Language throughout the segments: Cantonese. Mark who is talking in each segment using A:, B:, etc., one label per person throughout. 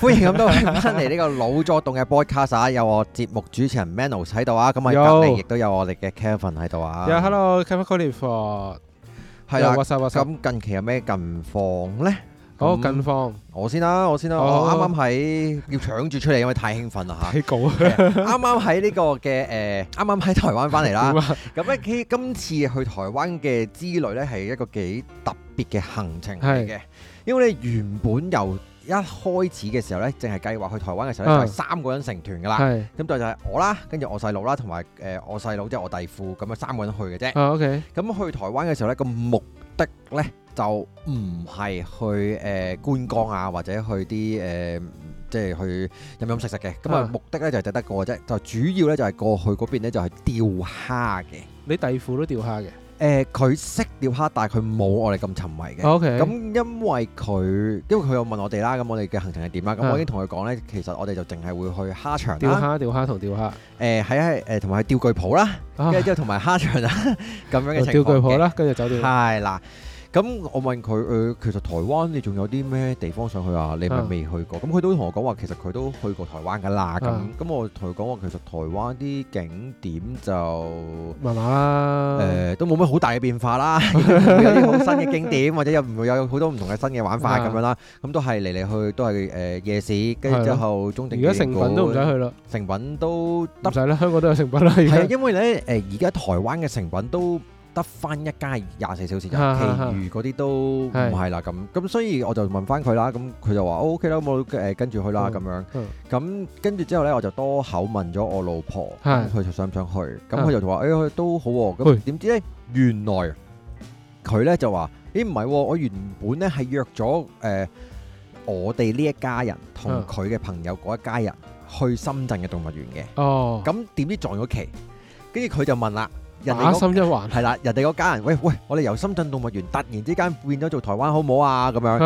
A: 歡迎咁多位翻嚟呢個老作動嘅 podcast，有我節目主持人 Manos 喺度啊，咁我隔離亦都有我哋嘅 Kevin 喺度啊。Hello，Kevin Clifford。有。係啦。咁近期有咩近況咧？好近況，我先啦，我先啦。啱啱喺要搶住出嚟，因為太興奮啦嚇。太搞。啱啱喺呢個嘅誒，啱啱喺台灣翻嚟啦。咁咧，佢今次去台灣嘅之旅咧，係一個幾特別嘅行程嚟嘅，因為原本由一開始嘅時候咧，淨係計劃去台灣嘅時候咧，啊、就係三個人成團噶啦。咁是就就係我啦，跟住我細佬啦，同埋誒我細佬即係我弟父。咁樣三個人去嘅啫。咁、啊 okay、去台灣嘅時候咧，個目的咧就唔係去誒、呃、觀光啊，或者去啲誒、呃、即係去飲飲食食嘅。咁啊，目的咧就係得得個啫，就主要咧就係過去嗰邊咧就係釣蝦嘅。
B: 你弟父都釣蝦嘅？
A: 誒佢識釣蝦，但係佢冇我哋咁沉迷嘅。OK，咁因為佢，因為佢有問我哋啦，咁、嗯、我哋嘅行程係點啦？咁、嗯嗯、我已經同佢講咧，其實我哋就淨係會去蝦場、釣蝦、釣蝦同釣蝦。誒係、呃呃、啊，誒同埋釣具鋪啦，跟住之後同埋蝦場啊，咁樣嘅情況。釣具鋪啦，跟住酒店。係嗱。咁我問佢誒，其實台灣你仲有啲咩地方想去啊？你咪未去過。咁佢都同我講話，其實佢都去過台灣噶啦。咁咁我同佢講話，其實台灣啲景點就嘛嘛誒，都冇乜好大嘅變化啦。有啲好新嘅景點或者又唔會有好多唔同嘅新嘅玩法咁樣啦。咁都係嚟嚟去去都係誒夜市，跟住之後中正。而家誠品都唔使去咯，誠品都得唔得咧？
B: 香港都有誠品啦。係因
A: 為咧誒，而家台灣嘅誠品都。得翻一家廿四小時就，其餘嗰啲都唔係啦。咁咁，所以我就問翻佢啦。咁佢就話 OK 啦，我誒跟住去啦。咁樣咁跟住之後咧，我就多口問咗我老婆，佢就想唔想去。咁佢就話誒都好。咁點知咧，原來佢咧就話誒唔係，我原本咧係約咗誒我哋呢一家人同佢嘅朋友嗰一家人去深圳嘅動物園嘅。哦。咁點知撞咗期，跟住佢就問啦。人哋、嗰個、心一橫，係啦，人哋個家人喂喂，我哋由深圳動物園突然之間變咗做台灣好唔好啊？咁樣，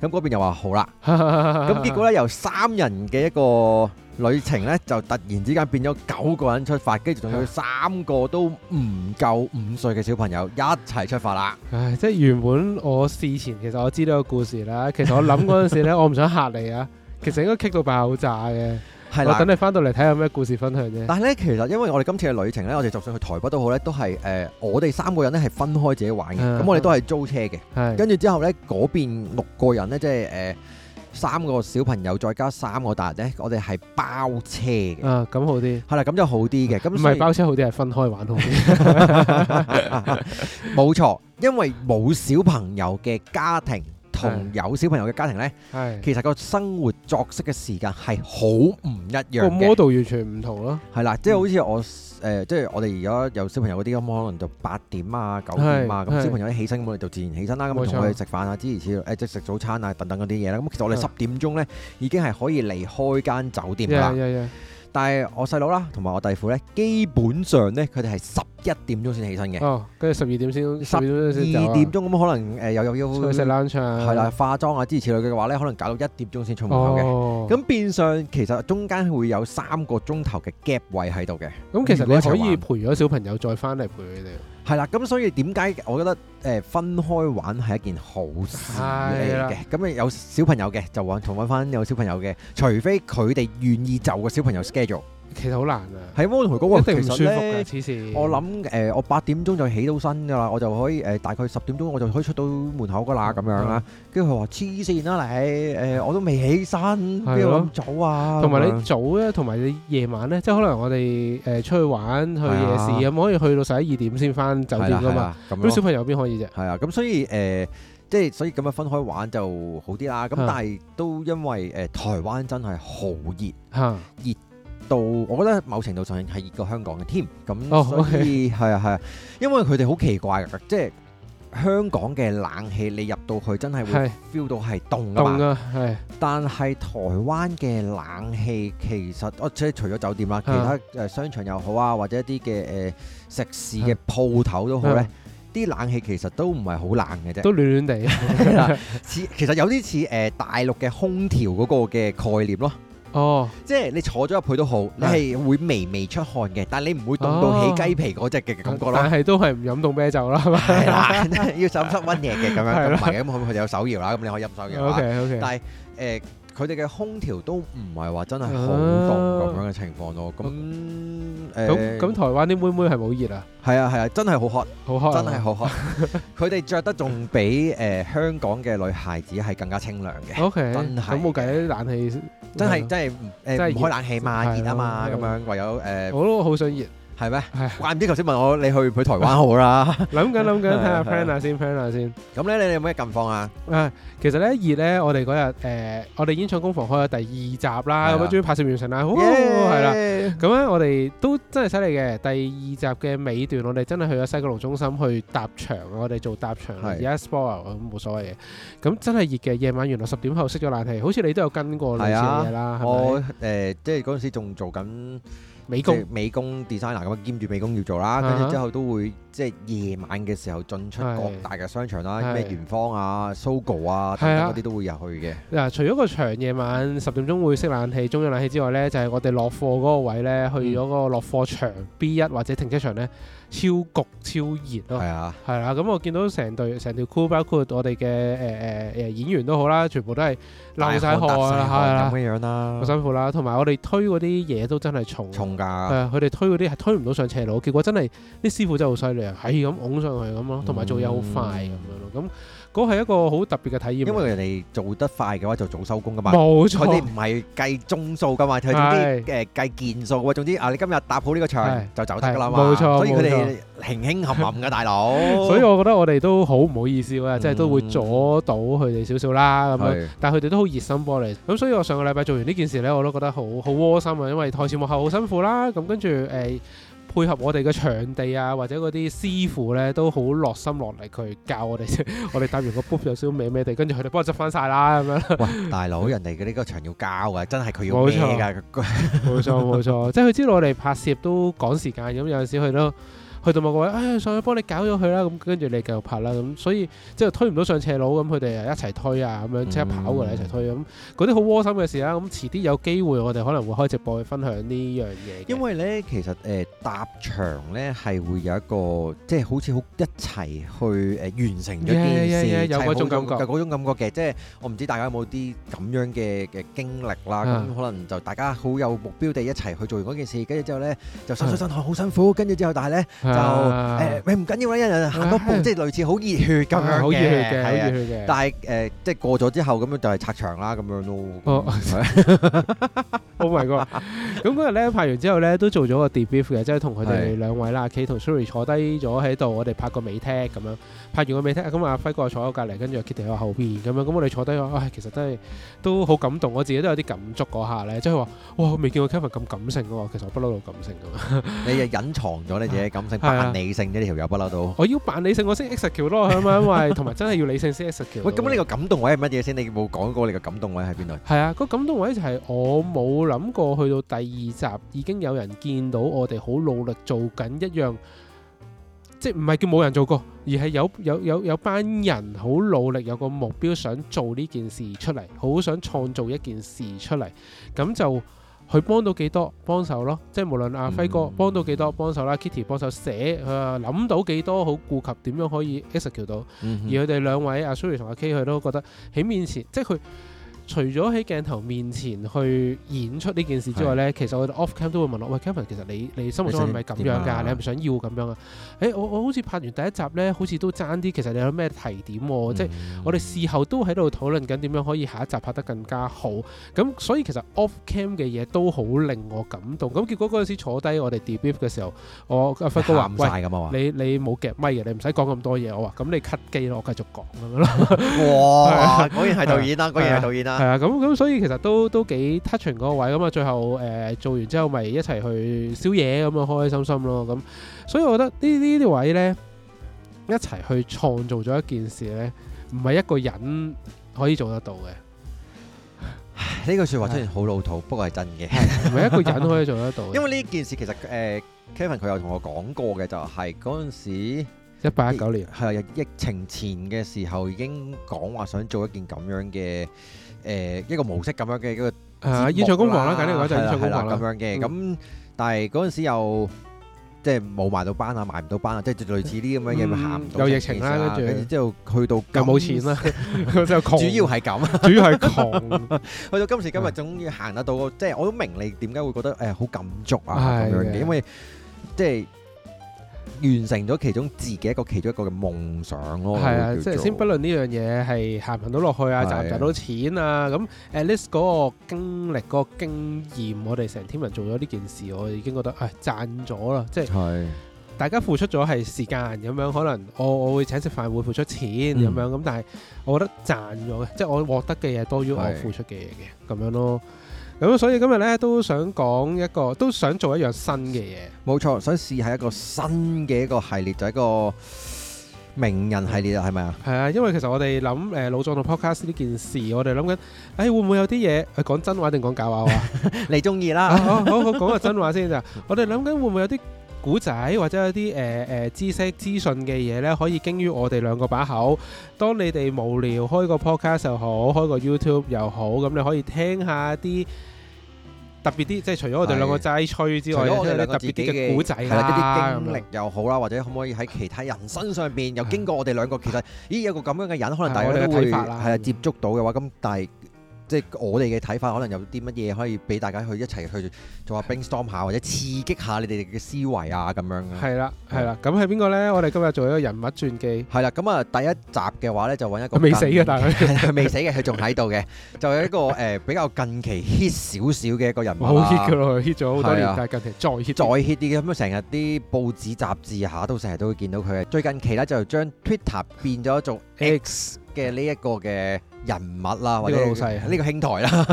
A: 咁嗰 邊又話好啦。咁 結果咧，由三人嘅一個旅程咧，就突然之間變咗九個人出發，跟住仲有三個都唔夠五歲嘅小朋友一齊出發啦。
B: 唉，即係原本我事前其實我知道個故事啦。其實我諗嗰陣時咧，我唔想嚇你啊。 其實應該傾到爆炸嘅。係啦，等你翻到嚟，睇下咩故事分享啫。但係咧，
A: 其實因為我哋今次嘅旅程咧，我哋就算去台北都好咧，都係誒、呃，我哋三個人咧係分開自己玩嘅。咁、啊、我哋都係租車嘅。跟住的之後咧，嗰邊六個人咧，即係誒、呃，三個小朋友再加三個大人咧，我哋係包車嘅。咁、啊、好啲。係啦，咁就好啲嘅。咁唔係包車好啲，係分開玩好啲。冇錯， 因為冇小朋友嘅家庭。同有小朋友嘅家庭咧，的其實個生活作息嘅時間係好唔一樣嘅 model 完全唔同咯。係啦，即係好似我誒、呃，即係我哋而家有小朋友嗰啲咁，可能就八點啊、九點啊，咁的小朋友一起身，咁我哋就自然起身啦，咁同佢去食飯啊，諸如此類，即食早餐啊，等等嗰啲嘢啦。咁其實我哋十點鐘呢的已經係可以離開間酒店啦。但係我細佬啦，同埋我弟婦咧，基本上咧，佢哋係十一點鐘先起身嘅。哦，
B: 跟住十二點先，十二點
A: 鐘咁可能誒又有要出去食冷場。係啦，化妝啊之類嘅話咧，可能搞到一點鐘先出門口嘅。咁、哦、變相其實中間會有三個鐘頭嘅 gap 位喺度嘅。咁、嗯、其實你可以陪咗小朋友再翻嚟陪佢哋。係啦，咁所以點解我覺得誒、呃、分開玩係一件好事嚟嘅？咁啊的、嗯、有小朋友嘅就玩，同玩翻有小朋友嘅，除非佢哋願意就個小朋友 schedule。其實好難啊，喺我同佢講話，其
B: 實咧，我諗誒，
A: 我八點鐘就起到身㗎啦，我就可以誒，大概十點鐘我就可以出到門口㗎啦，咁樣啦。跟住佢話：黐線啦你，誒我都未起身，邊有咁早啊？同埋你早咧，同埋你夜晚咧，即係可能我哋誒出去玩去夜市咁，可以去到十一二點先返酒店㗎嘛。咁小朋友邊可以啫？係啊，咁所以誒，即係所以咁樣分開玩就好啲啦。咁但係都因為誒台灣真係好熱，熱到，我覺得某程度上係熱過香港嘅添，咁所以係、oh, okay. 啊係啊，因為佢哋好奇怪嘅，即係香港嘅冷氣你入到去真係會 feel 到係凍啊，但係台灣嘅冷氣其實，哦即係除咗酒店啦，其他誒商場又好啊，或者一啲嘅誒食肆嘅鋪頭都好咧，啲、啊、冷氣其實都唔係好冷嘅啫，都暖暖地，似 其實有啲似誒大陸嘅空調嗰個嘅概念咯。哦，即係你坐咗入去都好，你係會微微出汗嘅，但係你唔會凍到起雞皮嗰隻嘅感覺咯。哦、但係
B: 都係唔飲凍啤酒 對啦，係嘛？
A: 係啦，要手濕溫嘢嘅咁樣，咁係咁佢佢有手搖啦、啊，咁你可以飲手搖 O K O K，但係誒。呃佢哋嘅空調都唔係話真係好凍咁樣嘅情況咯。咁誒，咁台灣啲妹妹係咪好熱啊？係啊，係啊，真係好渴，好渴真係好渴。佢哋着得仲比誒香港嘅女孩子係更加清涼嘅。OK，真係咁冇計，冷氣真係真係誒唔開冷氣嘛，熱啊嘛咁樣，唯有誒我都好想熱。係咩？怪唔之頭先問我，你去唔去台灣好啦。諗緊諗緊，睇下 plan 下先
B: ，plan 下先。咁咧，你你有咩近況啊？啊，其實咧熱咧，我哋嗰日誒，我哋演唱工房開咗第二集啦，咁終於拍攝完成啦，係啦。咁咧，我哋都真係犀利嘅。第二集嘅尾段，我哋真係去咗西九龍中心去搭場，我哋做搭場而家 spoil 咁冇所謂嘅。咁真係熱嘅夜晚，原來十點後熄咗冷氣，好似你都有跟過。係啊，我
A: 誒即係嗰陣時仲做緊。即係美工，工 designer 咁樣，兼住美工要做啦，跟住、uh huh. 之後都會即係夜晚嘅時候進出各大嘅商場啦，咩元芳啊、Sogo 啊、uh huh. 等等嗰啲都會入去嘅。嗱、
B: uh，huh. 除咗個場夜晚十點鐘會熄冷氣、中央冷氣之外呢，就係、是、我哋落貨嗰個位呢，uh huh. 去咗個落貨場 B 一或者停車場呢。超焗超熱咯，係啊，係啦、啊，咁我見到成隊成條 crew 包括我哋嘅誒誒誒演員都好啦，全部都係流晒汗，汗啊，係啦、啊，咁嘅樣啦，好辛苦啦、啊，同埋我哋推嗰啲嘢都真係重，重㗎的，係啊，佢哋推嗰啲係推唔到上斜路，結果真係啲師傅真係好犀利，啊，係咁拱上去咁咯，同埋做嘢好快
A: 咁樣咯，咁、嗯。嗯。嗰係一個好特別嘅體驗，因為人哋做得快嘅話就早收工噶嘛，冇錯，佢哋唔係計鐘數噶嘛，佢哋啲誒計件數喎。總之啊，你今日搭好呢個場就走得啦嘛，冇錯 所以佢哋平輕冚冚嘅大佬 哥。所以我
B: 覺得我哋都好唔好意思啊，嗯、即係都會阻到佢哋少少啦咁樣，但係佢哋都好熱心幫你。咁所以我上個禮拜做完呢件事咧，我都覺得好好窩心啊，因為台前幕後好辛苦啦。咁跟住誒。哎配合我哋嘅場地啊，或者嗰啲師傅咧都好落心落力，佢教我哋 我哋搭完個 book 有少少歪歪地，跟住佢哋幫我執翻晒啦咁樣。喂，大佬， 人哋嘅呢個場要交啊，真係佢要咩㗎、啊？冇錯錯，冇錯， 冇錯 即係佢知道我哋拍攝都趕時間，咁 有陣時佢都。去到某個位，哎，上去幫你搞咗佢啦，咁跟住你繼續拍啦，咁所以即係推唔到上斜路，咁佢哋又一齊推啊，咁樣即刻跑過嚟一齊推，咁嗰啲好窩心嘅事啦。咁遲啲有機會我哋可能會開直播去分享呢樣嘢。
A: 因為咧，其實誒搭場咧係會有一個即係好似好一齊去誒完成一件事，有嗰種感覺。嗰種感覺嘅，即係我唔知大家有冇啲咁樣嘅嘅經歷啦。咁可能就大家好有目標地一齊去做完嗰件事，跟住之後咧就辛辛苦苦好辛苦，跟住之後但係咧。就誒唔、哎、緊要啦，人一人行多步，啊、即係類似好熱血咁樣嘅，啊、熱血嘅。的熱血但係誒、呃、即係過咗之後咁、就是、樣就係拆牆啦咁樣咯。
B: Oh my god，咁嗰日咧拍完之後咧都做咗個 debrief 嘅，即係同佢哋兩位啦的，企 K 同 sorry 坐低咗喺度，我哋拍個尾 tag 咁樣。拍完個未聽，咁啊輝哥坐喺我隔離，跟住 Kitty 喺我後邊咁樣，咁我哋坐低話，唉、哎，其實真係都好感動，我自己都有啲感觸嗰下咧，即係話，哇，我未見過 Kevin 咁感性喎，其實我不嬲都感性嘅。
A: 你又隱藏咗你自己感性，扮理性啫，你條友不嬲都。我要扮理性，啊、我先 X 射橋咯，係咪？因為同埋真係要理性先 X 射橋。喂，咁你，感你,你感、啊那個感動位係乜嘢先？你冇講過你個感動位喺邊度？係
B: 啊，個感動位就係我冇諗過去到第二集已經有人見到我哋好努力做緊一樣。即唔係叫冇人做過，而係有有有，有班人好努力，有個目標想做呢件事出嚟，好想創造一件事出嚟，咁就佢幫到幾多幫手咯。即係無論阿輝哥幫到幾多，嗯、哼幫手啦，Kitty 幫手寫佢啊，諗到幾多好顧及點樣可以 execute 到。嗯、哼而佢哋兩位阿 Suri 同阿 K，佢都覺得喺面前，即係佢。除咗喺鏡頭面前去演出呢件事之外咧，其實我哋 off cam 都會問我：喂 Kevin，其實你你生活中係咪咁樣㗎？你係咪想要咁樣啊？誒，我我好似拍完第一集咧，好似都爭啲。其實你有咩提點？即係我哋事後都喺度討論緊點樣可以下一集拍得更加好。咁所以其實 off cam 嘅嘢都好令我感動。咁結果嗰陣時坐低，我哋 debrief 嘅時候，我阿 Frank 都話唔曬咁嘛。你你冇夾咪嘅，你唔使講咁多嘢。我話咁你 cut 機咯，我繼續講咁樣咯。哇！果然係導演啦，果然係導演啦。係啊，咁咁所以其實都都幾 touching 嗰個位咁啊，最後誒做完之後咪一齊去宵夜咁啊，開開心心咯，咁所以我覺得呢呢啲位咧，一齊去創造咗一件事咧，唔係一個人可以做得到嘅。
A: 呢個說話雖然好老土，不過係真嘅，唔係一個人可以做得到。因為呢件事其實誒 Kevin 佢有同我講過嘅，就係嗰陣時一八一九年係疫情前嘅時候已經講話想做一件咁樣嘅。誒一個模式咁樣嘅嗰個，啊演唱公房啦，緊呢個就係演唱公房啦咁樣嘅。咁但係嗰陣時又即係冇買到班啊，買唔到班啊，即係類似啲咁樣嘢咪行唔到，有疫情啦，跟住之後去到又冇錢啦，就主要係咁，主要係窮。去到今時今日終於行得到，即係我都明你點解會覺得誒好感觸啊咁樣嘅，因為即係。完成咗其中自己一個其中一個嘅夢想咯。係啊，即係做先，
B: 不論呢樣嘢係行唔行到落去啊，賺唔賺到錢啊，咁 at least 嗰個經歷、嗰、嗰個經驗，我哋成 team 人做咗呢件事，我已經覺得唉，賺咗啦。即係是大家付出咗係時間咁樣，可能我我會請食飯，會付出錢咁、嗯、樣咁，但係我覺得賺咗嘅，即係我獲得嘅嘢多於我付出嘅嘢嘅
A: 咁樣咯。咁所以今日咧都想講一個，都想做一樣新嘅嘢。冇錯，想試下一個新嘅一個系列，就係、一個名人系列啦，係咪啊？
B: 係啊，因為其實我哋諗誒老、呃、作嘅 podcast 呢件事，我哋諗緊，誒、哎、會唔會有啲嘢？講真話定講假話 歡啊？你中意啦，好好好，講個真話先咋？ 我哋諗緊會唔會有啲？古仔或者有啲誒誒知識資訊嘅嘢咧，可以經於我哋兩個把口。當你哋無聊開個 podcast 又好，開個 YouTube 又好，咁你可以聽下啲特別啲，即係除咗我哋兩個齋吹之外，即係啲特別啲嘅古仔係啦，啲經歷
A: 又好啦，的或者可唔可以喺其他人身上邊又經過我哋兩個的其實咦，有個咁樣嘅人，的可能大家都會係啊接觸到嘅話，咁但係。即係我哋嘅睇法，可能有啲乜嘢可以俾大家去一齊去做下 brainstorm 下，或者刺激下你哋嘅思維啊咁樣。係啦，係啦。咁係邊個咧？我哋今日做一個人物傳記。係啦，咁啊，第一集嘅話咧就揾一個未死嘅，但係佢未死嘅，佢仲喺度嘅， 就係一個誒、呃、比較近期 hit 少少嘅一個人物。冇 hit 噶咯，hit 咗好多年，的但係近期再 hit 再 hit 啲嘅，咁成日啲報紙雜誌下都成日都會見到佢。最近期咧就將 Twitter 變咗做 X 嘅呢一個嘅。人物啦、啊，呢個老細，呢個兄台啦、
B: 啊，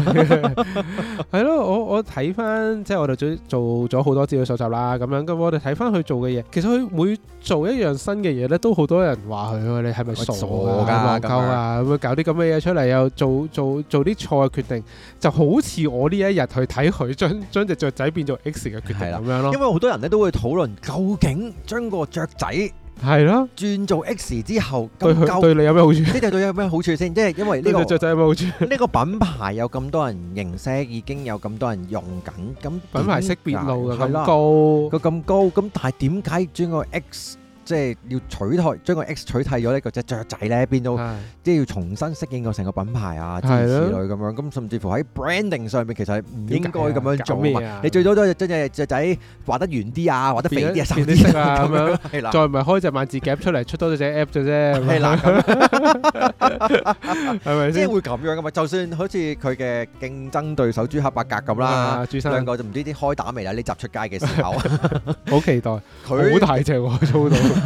B: 係咯， 我我睇翻即係我哋做做咗好多資料搜集啦，咁樣咁我哋睇翻佢做嘅嘢，其實佢每做一樣新嘅嘢咧，都好多人話佢，你係咪傻？係咪傻啊？憨鳩啊？咁樣搞啲咁嘅嘢出嚟，又做做做啲錯嘅決定，就好似我呢一日去睇佢將將隻雀仔變做 X 嘅決定咁樣咯。因為好多人咧
A: 都會討論，究竟將個雀仔。係咯，轉做 X 之後，對佢對，對你有咩好處？呢對佢有咩好處先？即係因為呢個雀仔有咩好處？呢個品牌有咁多人認識，已經有咁多人用緊，咁品牌識別率嘅咁啦高，佢咁高，咁但係點解轉個 X？即係要取代，將個 X 取替咗呢個隻雀仔咧，變到即係要重新適應個成個品牌啊，之類咁樣。咁甚至乎喺 branding 上面，其實係唔應該咁樣做啊。你最多都將隻雀仔畫得圓啲啊，畫得肥啲啊，甚至啊咁樣。係啦，再
B: 唔係開隻萬字夾出嚟，出多隻隻 app 啫啫。係啦，係咪先？即係會咁
A: 樣噶嘛？就算好似佢嘅競爭對手朱克伯格咁啦，朱生兩個就唔知啲開打未啦？呢集出街嘅時候，好期待佢好大隻喎，粗到～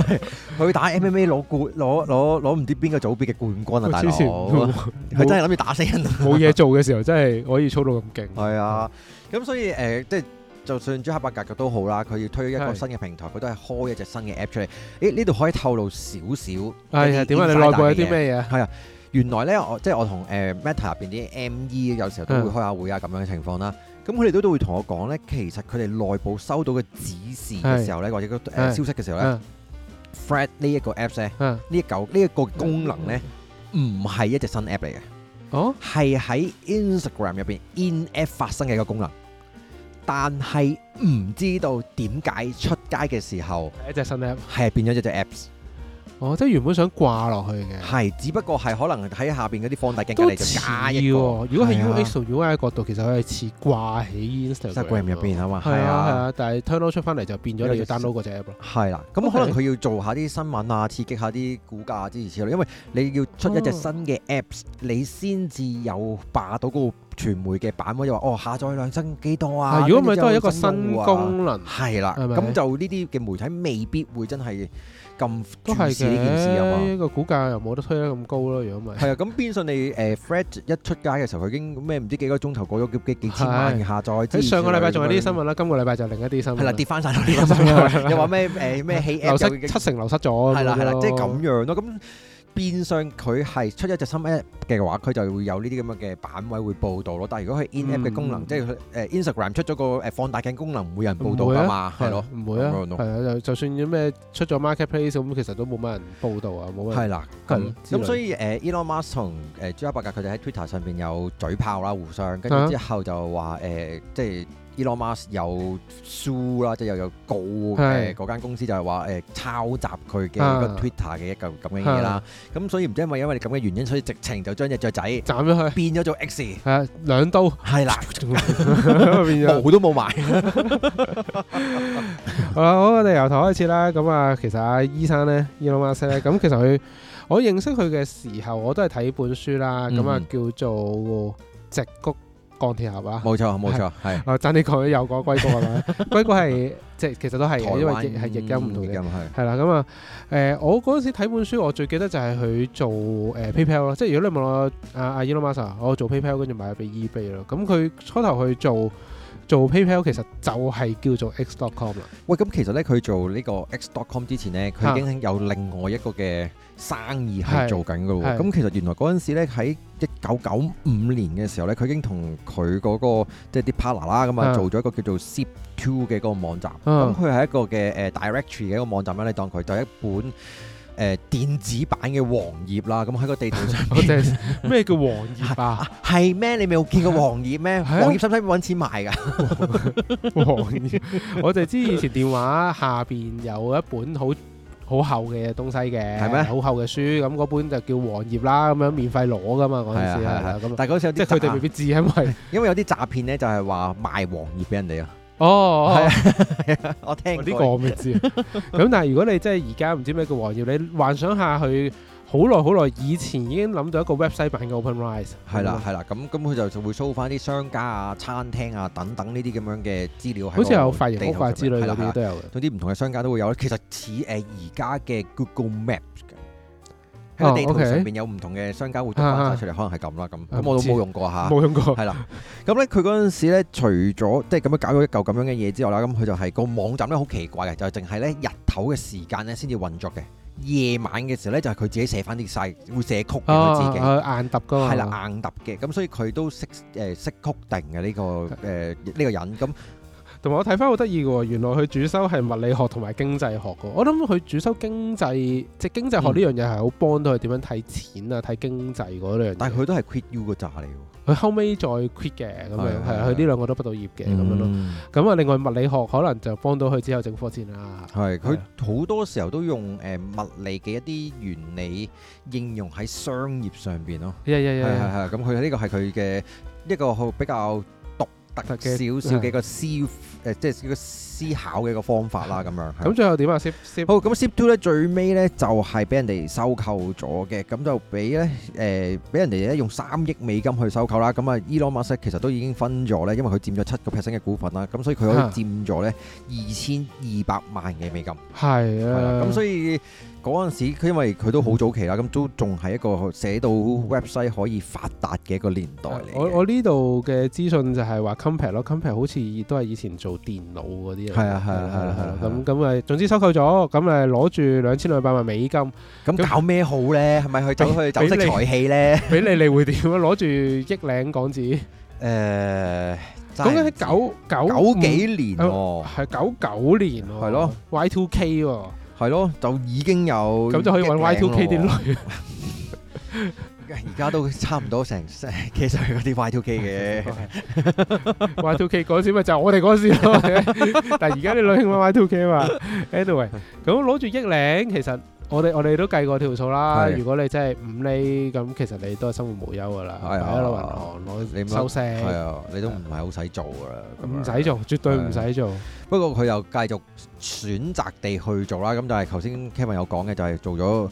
A: 佢打 MMA 攞冠攞攞攞唔知邊個組別嘅冠軍啊，大佬！佢真係諗住打死人，冇嘢做嘅時候真係可以操到咁勁。係啊，咁所以誒，即係就算朱克伯格都好啦，佢要推一個新嘅平台，佢都係開一隻新嘅 app 出嚟。誒，呢度可以透露少少，係啊，點啊？你內部有啲咩嘢啊？係啊，原來咧，我即係我同誒 Meta 入邊啲 ME 有時候都會開下會啊，咁樣嘅情況啦。咁佢哋都都會同我講咧，其實佢哋內部收到嘅指示嘅時候咧，或者個誒消息嘅時候咧。Fred 呢一個 Apps 咧、啊，呢、呢個呢一、呢個功能咧，唔係一隻新 App 嚟嘅，係喺、哦、Instagram 入邊 In App 發生嘅一個功能，但係唔知道點解出街嘅時候一隻新 App 係變咗一隻 Apps。哦，即係原本想掛落去嘅，係，只不過係可能喺下邊嗰啲放大鏡嚟加一個。如果係 U s o U I
B: 角度，其實可以似掛喺 Instagram 入邊啊嘛。係啊，係啊，
A: 但係 download 出翻嚟就變咗你要 download 嗰隻 app 咯。係啦，咁可能佢要做下啲新聞啊，刺激下啲股價之類之類。因為你要出一隻新嘅 apps，你先至有霸到嗰個傳媒嘅版位。因為哦，下載量增幾多啊？如果唔咪唔係都係一個新功能。係啦，咁就呢啲嘅媒體未必會真係。咁注視呢件事啊嘛，個股價
B: 又冇得推得咁高咯，如果咪係
A: 啊，咁邊信你誒、呃、Fred 一出街嘅時候，佢已經咩唔知幾個鐘頭過咗幾幾幾千萬嘅下載。是知知上個禮拜仲有啲新
B: 聞啦，今個禮拜就另一啲新聞。係啦， 跌翻晒到呢個程度，又話咩誒咩 App 流失七成流失咗。係啦係啦，即係咁
A: 樣咯咁。變相佢係出一隻新 App 嘅話，佢就會有呢啲咁嘅版位會報道咯。但係如果佢 InApp 嘅功能，嗯、即係誒 Instagram 出咗個誒放大鏡功能，唔會有人報道㗎嘛，係咯，唔會啊，係吧
B: 啊，就就算有咩出咗 Marketplace 咁，其實都冇乜人報道啊，冇乜係啦。
A: 咁咁所以誒、呃、Elon Musk 同誒朱、呃、克伯格佢哋喺 Twitter 上邊有嘴炮啦，互相跟住之後就話誒、嗯嗯呃，即係。Elon Musk 又訴啦，即係又有告誒嗰間公司，就係話誒抄襲佢嘅一個 Twitter 嘅一嚿咁樣嘢啦。咁所以唔知係咪因為你咁嘅原因，所以直情就將隻雀仔斬咗去，變咗做 X。係啊，兩刀。係啦，毛都冇埋。
B: 好啦，我哋由頭開始啦。咁啊，其實阿醫生咧，Elon Musk 咧，咁其實佢我認識佢嘅時候，我都係睇本書啦。咁啊，叫做直谷。鋼鐵俠啊，冇錯冇錯，係、哦嗯呃。我讚你佢有個硅谷係嘛？硅谷係即係其實都係因為係譯音唔同嘅。音係啦，咁啊，誒我嗰陣時睇本書，我最記得就係佢做誒 PayPal 咯。即係如果你問我啊阿 Elon Musk，我做 PayPal，跟住賣咗俾 eBay 咯。咁佢初頭去做做 PayPal，其實就係叫做 X.com 啦。
A: 喂，咁、嗯、其實咧佢做呢個 X.com 之前咧，佢已經有另外一個嘅。嗯嗯嗯生意係做緊噶喎，咁其實原來嗰陣時咧，喺一九九五年嘅時候咧，佢已經同佢嗰個即係啲 partner 啦，咁啊做咗一個叫做 Zip2 嘅嗰個網站，咁佢係一個嘅誒、呃、directory 嘅一個網站啦，你當佢就一本誒、呃、電子版嘅黃頁啦，咁喺個地圖上邊咩 叫黃頁啊？係咩？ 你未有見過黃頁咩？黃 頁使唔使揾錢買噶？黃 頁，我就知以前電話
B: 下邊有一本好好厚嘅東西嘅，係咩嗎？好厚嘅書，咁嗰本就叫黃頁啦，咁樣免費攞噶嘛嗰陣時啊，咁但係嗰時有啲，即係佢哋未必知，因為因為有啲詐騙咧，就係話賣黃頁俾人哋啊。哦，啊、
A: 我聽過呢 個我唔知。
B: 咁 但係如果你即係而家唔知咩叫黃頁，你幻想下去。好耐好耐以前已經諗到一個 website 版嘅 OpenRise，係啦係啦的，
A: 咁咁佢就就會 show 翻啲商家啊、餐廳啊等等呢啲咁樣嘅資料喺好似有髮型屋仔之類啲都的有，總之唔同嘅商家都會有。其實似誒而家嘅 Google Maps 嘅喺個地圖上面有唔同嘅商家會出翻晒出嚟，啊、可能係咁啦。咁咁我都冇用過嚇，冇、啊啊啊、用過。係啦，咁咧佢嗰陣時咧，除咗即係咁樣搞咗一嚿咁樣嘅嘢之外啦，咁佢就係個網站咧好奇怪嘅，就係淨係咧日頭嘅時間咧先至運作嘅。夜晚嘅時候咧，就係、是、佢自己寫翻啲細，會寫曲畀我、哦、自己。佢硬揼嘅。係啦，硬揼嘅，咁、嗯、所以佢都識誒識曲定嘅呢個誒呢個人。咁同埋我睇翻好得意嘅喎，原來佢主修係
B: 物理學同埋經濟學嘅。我諗佢主修經濟即係經濟學呢樣嘢係好幫到佢點樣睇錢啊、睇、嗯、經濟嗰樣。但係佢都係 quit you 個炸嚟喎。佢後尾再 quit 嘅咁樣，係啊，佢呢兩個都畢到業嘅咁樣咯。咁啊，另外物理學可能就幫到佢之後整火
A: 箭啦。係，佢好多時候都用誒物理嘅一啲原理應用喺商業上邊咯。係係係，咁佢呢個係佢嘅一個好比較特嘅少少嘅個思誒，嗯、即係個思考嘅個方法啦，咁、嗯、樣。咁最後點啊？Sip 好咁，Sip Two 咧最尾咧就係、是、俾人哋收購咗嘅，咁就俾咧誒，俾、呃、人哋咧用三億美金去收購啦。咁啊，Elon Musk 其實都已經分咗咧，因為佢佔咗七個 percent 嘅股份啦，咁所以佢可以佔咗咧二千二百萬嘅美金。係啊，咁、啊、所以。嗰陣時，佢因為佢都好早期啦，咁都仲係一個寫到 website 可以發達嘅一個年代嚟。
B: 我我呢度嘅資訊就係話 Compaq 咯，Compaq 好似都係以前做電腦嗰啲。係啊，係啦，係啦，係啦。咁，咁誒，總之收購咗，咁誒，攞住兩千兩百萬美金。咁搞咩好咧？係咪去走去走色財氣咧？俾你你會點啊？攞住億零港紙。誒，
A: 講緊九九九幾年喎，係九九年喎，係咯，Y two K 喎。係咯，就已經有咁就可以揾 Y2K 啲女了。而家 都差唔多成幾歲嗰啲 Y2K 嘅 Y2K 嗰時咪就我哋嗰時咯。但係而家啲女興
B: 揾 Y2K 嘛，anyway，咁攞住益領其實。我哋我哋都計過條數啦，的如果你真係五厘咁，其實你都係生活無憂噶啦，喺老銀行攞不收息聲、哎，
A: 你都唔係好使做噶啦，唔使的樣做，絕對唔使做。不過佢又繼續選擇地去做啦，咁就係頭先 Kevin 有講嘅，就係、是、做咗。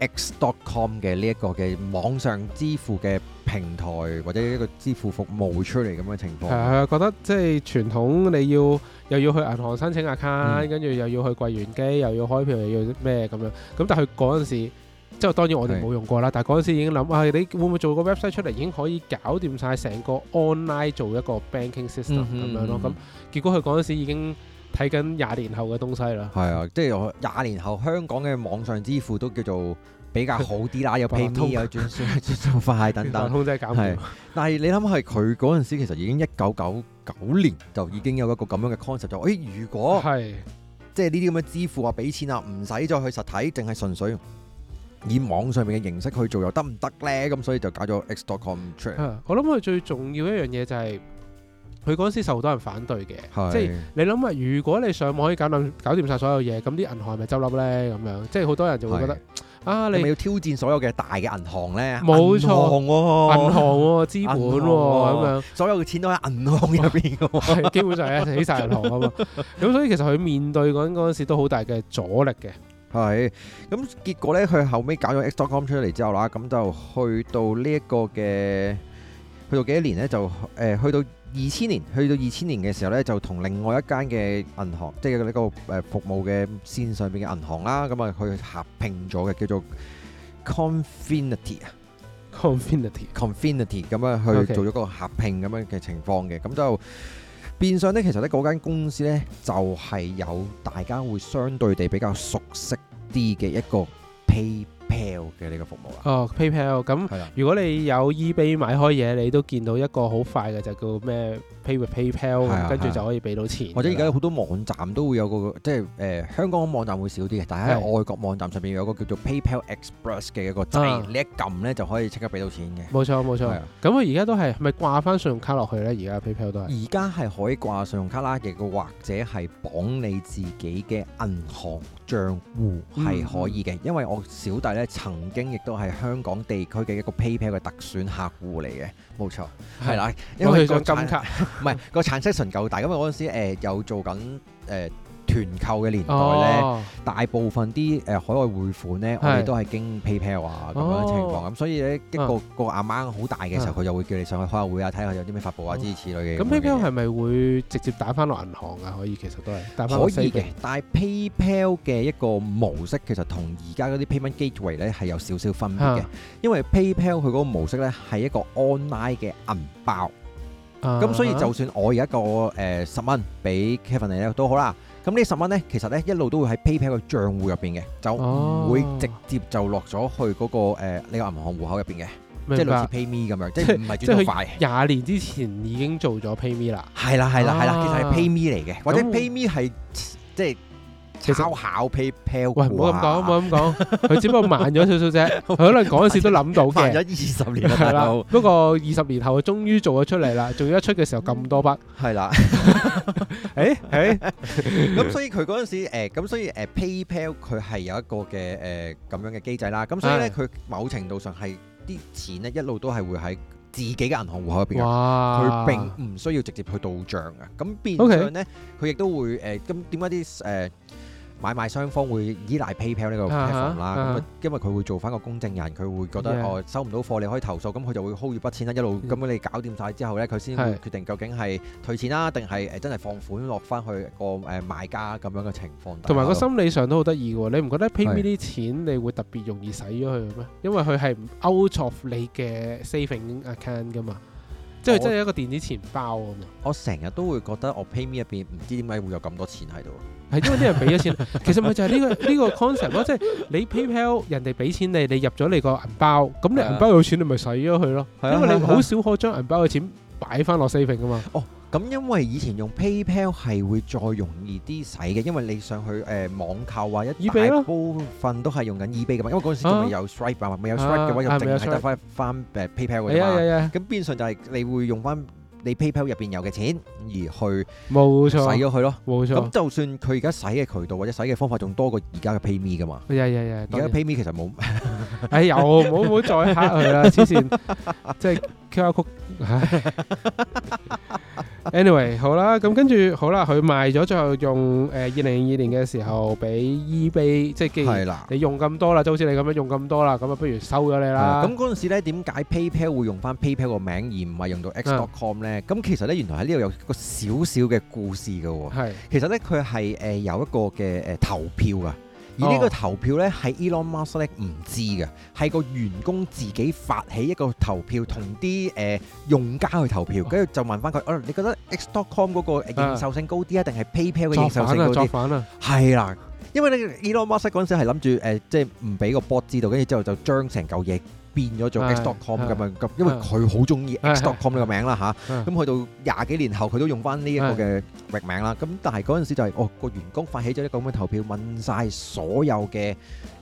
A: X.com 嘅呢一個嘅網上支付嘅平台或者一個支付服務出嚟咁嘅情況，係係啊，
B: 覺得即係傳統你要又要去銀行申請 account，跟住又要去櫃員機，又要開票，又要咩咁樣。咁但係佢嗰陣時，即係當然我哋冇用過啦。是但係嗰陣時已經諗，係、啊、你會唔會做個 website 出嚟已經可以搞掂晒成個 online 做一個 banking system 咁、嗯、樣咯？咁、嗯、結果佢嗰陣時已經。睇緊廿年後嘅
A: 東西啦，係啊，即係廿年後香港嘅網上支付都叫做比較好啲啦，有 PayMe 啊， 轉數快等等。係， 但係你諗下佢嗰陣時其實已經一九九九年就已經有一個咁樣嘅 concept，就誒、哎、如果係是即係呢啲咁嘅支付啊，俾錢啊，唔使再去實體，淨係純粹以網上面嘅形式去做又得唔得咧？咁所以就搞咗 X.com 出嚟。嗯，
B: 我諗佢最重要一樣嘢就係、是。佢嗰陣時受好多人反對嘅，即係你諗下，如果你上網可以搞掂搞掂曬所有嘢，咁啲銀行係咪執笠咧？咁樣即係好多人就會覺得
A: 啊，你咪要挑戰所有嘅大嘅銀行咧？冇錯，銀行、銀行、資本咁樣，所有嘅錢都喺銀行入邊嘅，係基本上係起曬銀行啊嘛。咁所以其實佢面對嗰陣嗰陣時都好大嘅阻力嘅，係，咁結果咧，佢後尾搞咗 X.com 出嚟之後啦，咁就去到呢一個嘅，去到幾多年咧就誒去到。二千年去到二千年嘅時候咧，就同另外一間嘅銀行，即係呢個誒服務嘅線上邊嘅銀行啦。咁啊，去合併咗嘅叫做 Confinity 啊，Confinity，Confinity 咁啊，去做咗個合併咁樣嘅情況嘅咁就變相咧，其實咧嗰間公司咧就係有大家會相對地比較熟悉啲嘅一個 Pay。PayPal 嘅呢個服務
B: 啊哦，PayPal 咁，如果你有 eBay 買開嘢，的你都見到一個好快嘅就叫咩 Pay PayPal，的跟住就可以俾到錢。或者而家
A: 好多網站都會有個即係誒、呃、香港網站會少啲嘅，但喺外國網站上邊有個叫做 PayPal Express 嘅一個掣，的你一撳咧就可以即刻俾到錢嘅。冇錯冇錯，咁佢而家都係，係咪掛翻信用卡落去咧？而家 PayPal 都係。而家係可以掛信用卡啦，亦或者係綁你自己嘅銀行帳戶係可以嘅，因為我小弟咧曾經亦都係香港地區嘅一個 PayPal 嘅特選客戶嚟嘅，冇錯，係啦，因為個金卡， 唔係個產息純夠大，因為嗰陣時有、呃、做緊誒。呃團購嘅年代咧，大部分啲誒海外匯款咧，我哋都係經 PayPal 啊咁樣嘅情況咁，所以咧一個個阿媽好大嘅時候，佢就會叫你上去開下會啊，睇下有啲咩發布啊之類嘅。咁 PayPal 係咪會直接打翻落銀行啊？可以其實都係可以嘅，但係 PayPal 嘅一個模式其實同而家嗰啲 payment gateway 咧係有少少分別嘅，因為 PayPal 佢嗰個模式咧係一個 online 嘅銀包，咁所以就算我而家個誒十蚊俾 Kevin 你都好啦。咁呢十蚊咧，其實咧一路都會喺 PayPal 嘅賬戶入邊嘅，就唔會直接就落咗去嗰、個呢個、呃、銀行戶口入邊嘅，白即係類似 PayMe 咁樣，即係唔係轉得快。
B: 廿年之前已經做咗 PayMe 啦，係啦係啦係啦，其實係 PayMe 嚟嘅，或者 PayMe
A: 係有即係。其實我考 PayPal 喂，唔好咁講，唔好咁講，
B: 佢只不過慢咗少少啫，佢可能嗰陣時都諗到返，慢咗二十年係啦。不過二十年後，終於做咗出嚟啦，仲要一出嘅時候咁多筆，係啦。誒誒，咁所以
A: 佢嗰陣時誒，咁所以誒 PayPal 佢係有一個嘅誒咁樣嘅機制啦。咁所以咧，佢某程度上係啲錢咧一路都係會喺自己嘅銀行戶口入邊。哇！佢並唔需要直接去到賬啊。咁變相咧，佢亦都會誒，咁點解啲誒？買賣雙方會依賴 PayPal 呢個 platform 啦、啊哈，咁、啊、因為佢會做翻個公證人，佢會覺得、啊、哦收唔到貨你可以投訴，咁佢就會 hold 住筆錢啦，一路咁、嗯、樣你搞掂晒之後咧，佢先決定究竟係退錢啦，定係誒真係放款落翻去個誒買家咁樣嘅情況。同埋個心
B: 理上都好得意喎，你唔覺得 PayMe 啲錢你會特別容易使咗佢咩？因為佢係 out of 你嘅 saving account 㗎嘛，即係真係一
A: 個電子錢包啊嘛。我成日都會覺得我 PayMe 入邊唔知點解會有咁多錢喺度。係因為啲人俾咗錢，其實咪就係呢個呢個 concept 咯，即係你 PayPal 人哋俾錢你，你入咗你個銀包，
B: 咁你銀包有錢你咪使咗佢咯。因為你好
A: 少可將銀包嘅錢擺翻落 saving 噶嘛。哦，咁因為以前用 PayPal 係會再容易啲使嘅，因為你上去誒網購或一部分都係用緊 EBay 噶嘛。因為嗰時仲未有 Stripe 啊嘛，未有 Stripe 嘅話就淨係得翻翻 PayPal 嘅，咁變相就係你會用翻。你 PayPal 入邊有嘅錢而去，冇錯，使咗佢咯，冇錯。咁就算佢而家使嘅渠道或者使嘅方法仲多過而家嘅 PayMe 㗎嘛，係係係，而家 PayMe 其實冇然， 哎又冇冇再蝦佢啦，黐線 即係 QR Code。
B: Anyway，好啦，咁跟住好啦，佢賣咗，最後用誒二零零二年嘅時候俾 eBay，即係既然你用咁多啦，就好似你咁樣用咁多啦，咁啊不如收
A: 咗你啦。咁嗰陣時咧，點解 PayPal 會用翻 PayPal 個名而唔係用到 x.com 咧？咁是的 其實咧，原來喺呢度有個小小嘅故事嘅。係，是的 其實咧，佢係誒有一個嘅誒投票啊。而呢個投票咧係 Elon Musk 唔知嘅，係個員工自己發起一個投票，同啲誒用家去投票，跟住就問翻佢，可、呃、你覺得 X.com 嗰個營售性高啲，定係 PayPal 嘅營售性高啲？作反啦！作反啦！係啦，因為咧、e、Elon Musk 嗰陣時係諗住誒，即係唔俾個 bot 知道，跟住之後就將成嚿嘢。變咗做 x.com 咁樣咁，因為佢好中意 x.com 呢個名啦吓，咁去到廿幾年後，佢都用翻呢一個嘅域名啦。咁但係嗰陣時就係哦個員工發起咗一個咁嘅投票，問晒所有嘅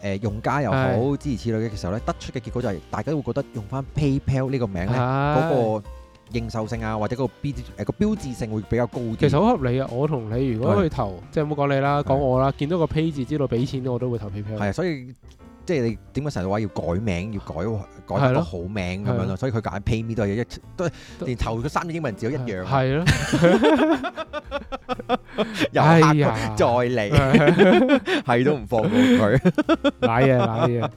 A: 誒用家又好，諸如此類嘅時候咧，得出嘅結果就係大家會覺得用翻 PayPal 呢個名咧，嗰個認受性啊，或者嗰個標誒個標誌性會比較高啲。其實好合理啊！我同你如果去投，即係冇講你啦，講我
B: 啦，見到個 Pay 字知道俾錢，我都會投 PayPal。係啊，
A: 所以。即係你點解成日話要改名，要改改一個好名咁了樣咯？所以佢揀 Pay Me 都係一都係連頭嘅三個英文字都一樣。係咯了，又係 再嚟，係都唔放過佢，拉嘢，拉嘢。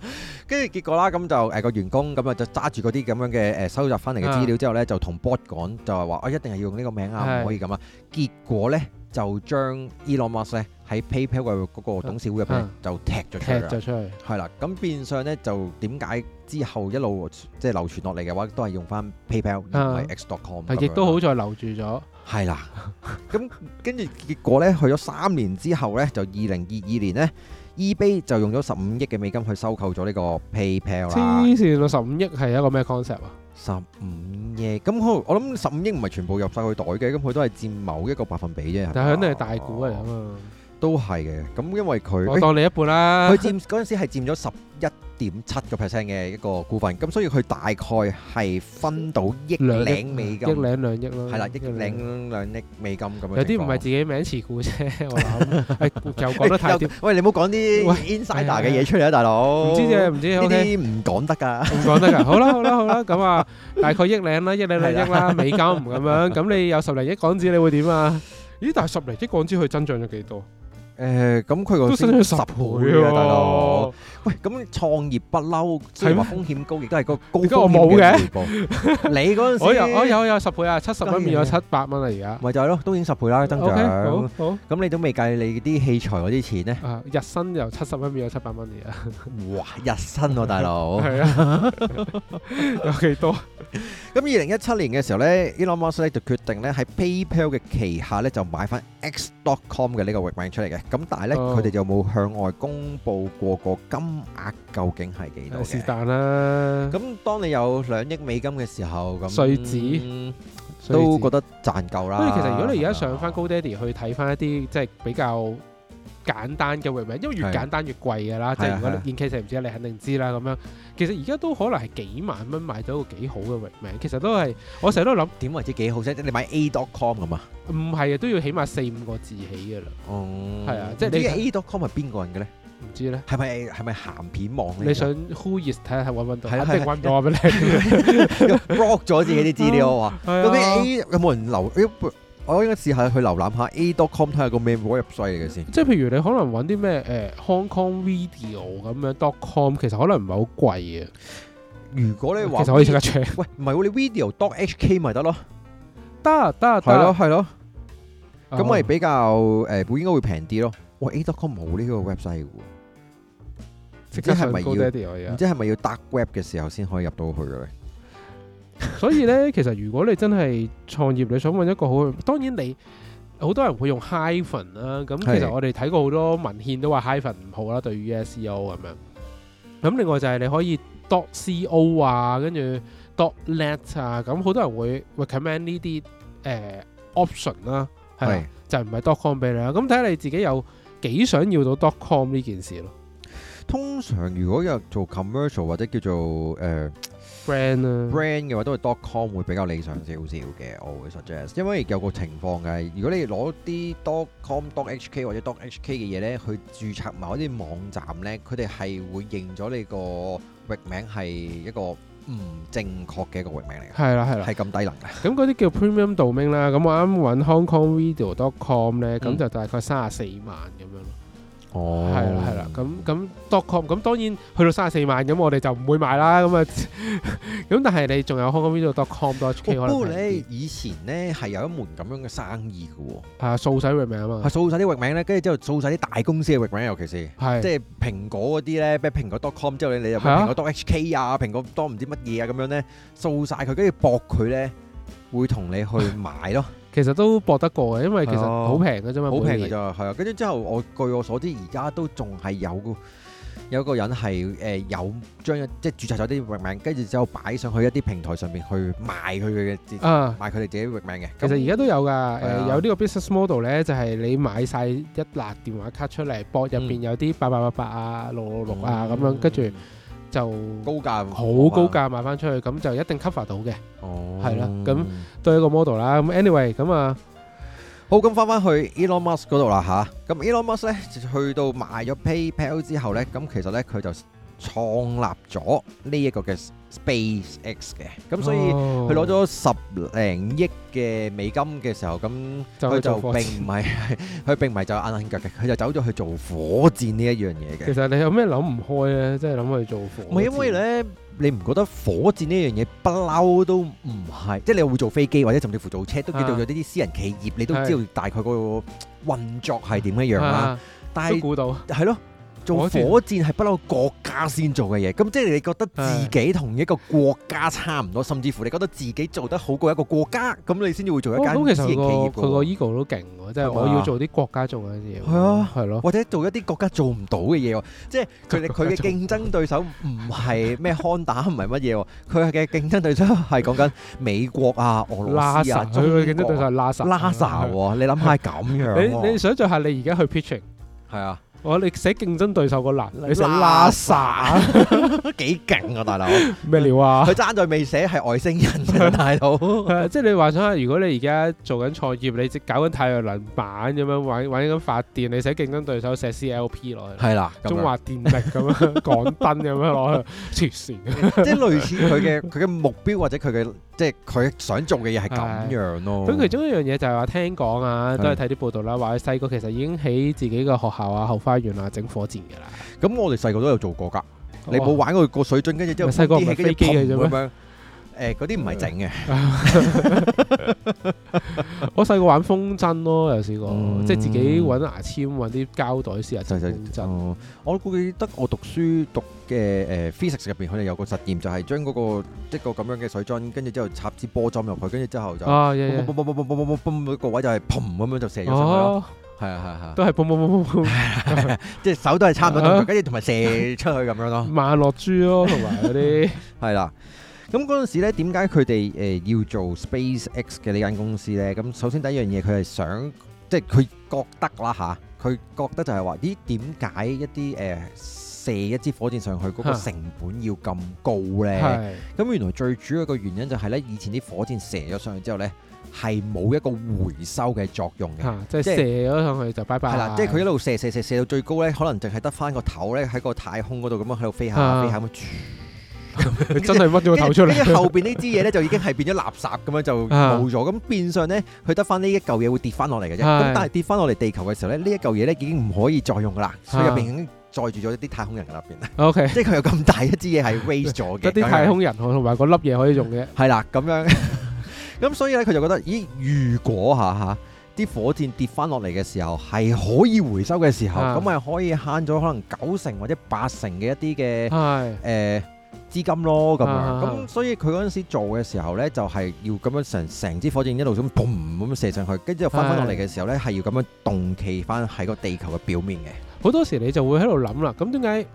A: 跟住結果啦，咁就誒個、呃、員工咁啊就揸住嗰啲咁樣嘅誒收集翻嚟嘅資料之後咧的，就同 board 講就係話：我、哎、一定係要用呢個名啊，唔的可以咁啊！結果咧。就將 Elon Musk 喺 PayPal 嘅嗰個董事會入邊、嗯、就踢咗出嚟啦。踢出去，踢出去。係啦，咁變相咧就點解之後一路即係、就是、流傳落嚟嘅話，都係用翻 PayPal 唔係 X.com、嗯。但亦是了都好在留住咗了。係啦， 咁跟住結果咧，去咗三年之後咧，就二零二二年咧，eBay 就用咗十五億嘅美金去收購咗呢個 PayPal。黐
B: 線啊！十五億係一個咩 concept 啊？
A: 十五億，咁佢我諗十五億唔係全部入晒去袋嘅，咁佢都係佔某一個百分比啫。但係佢肯定係大股嚟㗎嘛。啊.都係嘅，咁因為佢我當你一半啦，佢佔嗰陣時係佔咗十一點七個 percent 嘅一個股份，咁所以佢大概係分到億兩美億兩兩億咯，係啦，億兩兩億美金咁樣。有啲唔係
B: 自己名持股啫，我諗，誒又講得太遠，喂，
A: 你唔好講啲 insider 嘅嘢出嚟啊，大佬，唔知嘅唔知，呢啲唔
B: 講得㗎，唔講得㗎，好啦好啦好啦，咁啊大概億兩啦，億兩兩億啦美金咁樣，咁你有十零億港紙你會點啊？咦，但係十零億港紙佢增長咗幾多？
A: 誒咁佢個升咗十倍啊，大佬！喂，咁創業不嬲，係話風險高，亦都係個高科技嘅直播。你嗰陣時我有我有
B: 有十倍啊，七十蚊變咗七百蚊啊，而家
A: 咪就係咯，都已經十倍啦，增長。好咁，你都未計你啲器材嗰啲錢咧？
B: 日薪由七十蚊變咗七百蚊啊！而家
A: 哇，日薪喎，大佬。係啊，有幾多？咁二零一七年嘅時候咧，Elon Musk 就決定咧喺 PayPal 嘅旗下咧就買翻 X.com 嘅呢個域名出嚟嘅。咁但係咧，佢哋、oh. 有冇向外公布過個金額究竟係幾多嘅？是但啦。咁當你有兩億美金嘅時候，咁稅紙都覺得賺夠啦。所以其實如果你
B: 而家上翻高爹哋去睇翻一啲的即係比較簡單嘅域名，因為越簡單越貴㗎啦。即係如果 in case 你唔知，你肯定知啦。咁樣其實而家都可能係幾萬蚊買到一個幾好嘅域名。其實都係我成日都諗點為之幾好啫。即係你
A: 買 a.com 咁啊？
B: 唔係啊，都要起碼四五個字起㗎啦。哦，係啊，即係呢
A: a.com 係邊個人嘅咧？唔知咧，係咪係咪鹹片網？你想 who is 睇下揾唔
B: 揾到？係啊，即係揾咗俾你
A: ，lock 咗自己啲資料啊！嗰啲 A 有冇人留。我應該試下去瀏覽下 a.com 睇下個咩 website 嚟嘅先。即係譬如你可
B: 能揾啲咩誒 Hong Kong Video 咁樣 dot com，其實可能唔係好貴啊。
A: 如果你話其實可以試下 check。喂，唔係、啊、你 Video dot HK 咪得咯？得啊得啊得啊，係咯係咯。咁咪比較誒，會、呃、應該會平啲咯。喂 A dot com 冇呢個 website 嘅喎。即係咪要？即係咪要搭 web 嘅時候先可以入到去嘅咧？ 所以咧，其實如果你真係創業，
B: 你想搵一個好，當然你好多人會用 hyphen 啦。咁其實我哋睇過好多文獻都話 hyphen 唔好啦，對於 SEO 咁樣。咁另外就係你可以 dot co 啊，跟住 dot net 啊，咁好多人會 recommend 呢啲誒 option 啦，係是就唔係 dot com 俾你啦。咁睇下你自己有幾
A: 想要到 dot com 呢件事咯。通常如果有做 commercial 或者叫做誒。呃 brand 咧，啊，brand 嘅話都係 dot com 會比較理想少少嘅，我會 suggest，因為有個情況嘅，如果你攞啲 dot com、dot h k 或者 dot h k 嘅嘢咧，去註冊某一啲網站咧，佢哋係會認咗你個域名係一個唔正確嘅一個域名嚟，
B: 係啦係啦，係咁低能嘅。咁嗰啲叫 premium domain 啦。咁我啱揾 Hong Kong Video dot com 咧，咁就大概三十四
A: 萬咁樣咯。
B: 哦，係啦，係啦，咁咁 dot com，咁當然去到三十四萬，咁我哋就唔會買啦，咁啊，咁但係你仲有 Hong Kong Window dot com dot HK，不過你
A: 以前咧係有一門咁樣嘅生意嘅喎，係啊，掃曬域名啊嘛，係掃曬啲域名咧，跟住之後掃曬啲大公司嘅域名，尤其是係即係蘋果嗰啲咧，譬如蘋果 dot com 之後你你又蘋果 dot HK 啊，蘋果多唔知乜嘢啊咁樣咧掃曬佢，跟住駁佢咧會同你去買咯。
B: 其實都搏得過嘅，因為其實好平嘅啫嘛，好平嘅咋。
A: 係啊。跟住之後我，我據我所知，而家都仲係有個有個人係誒、呃、有將即係註冊咗啲域名，跟住之後擺上去一啲平台上面去賣佢嘅字，賣佢哋自己域名嘅。其實而家都有
B: 噶的、呃，有個呢個 business model 咧，就係、是、你買晒一沓電話卡出嚟，搏入邊有啲八八八八啊、六六六啊咁、嗯、樣，跟住。就高價，好高價買翻出去，咁、哦、就一定 cover 到嘅，哦，係啦。咁都一個 model 啦。咁
A: anyway，咁啊，好咁翻翻去 Elon Musk 嗰度啦吓，咁 Elon Musk 咧就去到賣咗 PayPal 之後咧，咁其實咧佢就創立咗呢一個嘅。SpaceX 嘅，咁所以佢攞咗十零億嘅美金嘅時候，咁佢就並唔係，佢並唔係就硬硬格嘅，佢就走咗去做火箭呢一樣嘢嘅。其實你有咩諗唔開咧？即係諗去做火箭？唔係因為咧，你唔覺得火箭呢樣嘢不嬲都唔係，即係你會做飛機或者甚至乎做車，都叫做咗呢啲私人企業，你都知道大概個運作係點一樣啦。但係，都估到，係咯。做火箭係不嬲國家先做嘅嘢，咁即係你覺得自己同一個國家差唔多，甚至乎你覺得自己做得好過一個國家，咁你先至會做一間企業。佢個 ego 都勁喎，即係我要做啲國家做嘅嘢。係啊，係咯，或者做一啲國家做唔到嘅嘢喎。即係佢佢嘅競爭對手唔係咩 Honda，唔係乜嘢。佢嘅競爭對手係講緊美國啊、俄羅斯啊，佢嘅競爭對手係拉薩。拉薩你諗下咁樣，你你
B: 想象下你而家去 pitching 係啊。我你寫競爭對手個欄，拉你寫
A: 拉薩都幾勁啊大
B: 佬！咩料 啊？佢爭在未寫係外星人大佬！即係你幻想下，如果你而家做緊創業，你即搞緊太陽能板咁樣玩玩緊發電，你寫競爭對手寫 CLP 落去係啦，啊、中華電力咁樣， 港燈咁樣落去，啊、 即係類似佢嘅
A: 佢嘅目標或者佢嘅。即係佢想做嘅嘢係咁樣咯的。咁其
B: 中一樣嘢就係話聽講啊，的都係睇啲報道啦，話佢細個其實已經喺自己嘅學校啊後
A: 花園啊整火箭㗎啦。咁我哋細個都有做過㗎。哦、你冇玩過個水樽跟住之後，細個唔係飛機嘅啫咩？ 誒，嗰啲唔係整嘅。
B: 我細個玩風箏咯，有試過，即係自己搵牙籤，搵啲膠袋試
A: 下製製針。我估記得我讀書讀嘅誒 physics 入邊可能有個實驗，就係將嗰個一個咁樣嘅水樽，跟住之後插支波針入去，跟住之後就，嘣嘣嘣嘣嘣嘣嘣，個位就係嘭咁樣就射咗上去咯。係啊係係，都係
B: 嘣嘣嘣嘣
A: 即係手都係差唔多，跟住同埋射出去咁樣咯。萬樂珠咯，同埋嗰啲係啦。咁嗰陣時咧，點解佢哋誒要做 SpaceX 嘅呢間公司咧？咁首先第一樣嘢，佢係想，即係佢覺得啦嚇，佢覺得就係話，咦，點解一啲誒射一支火箭上去嗰個成本要咁高咧？咁原來最主要嘅原因就係咧，以前啲火箭射咗上去之後咧，係冇一個回收嘅作用嘅，即係射咗上去就拜拜。係啦，即係佢一路射射射射到最高咧，可能淨係得翻個頭咧喺個太空嗰度咁樣喺度飛下飛下咁。佢真係屈咗個頭出嚟，後邊呢支嘢咧就已經係變咗垃圾咁樣就冇咗，咁變相咧佢得翻呢一嚿嘢會跌翻落嚟嘅啫。咁但係跌翻落嚟地球嘅時候咧，呢一嚿嘢咧已經唔可以再用噶啦，佢入邊已經載住咗一啲太空人入邊。O K，即係佢有咁大一支嘢係 raise 咗嘅，得啲太空人同埋個粒嘢可以用嘅，係啦咁樣。咁所以咧，佢就覺得，咦，如果吓吓啲火箭跌翻落嚟嘅時候，係可以回收嘅時候，咁咪可以慳咗可能九成或者八成嘅一啲嘅，誒。資金咯咁樣，咁所以佢嗰陣時做嘅時候呢，就係、是、要咁樣成成支火箭一路咁 boom 咁射上去，跟住又翻翻落嚟嘅時候呢，係的要咁樣動攤翻喺個地球嘅表面嘅。
B: 好多時你就會喺度諗啦，咁點解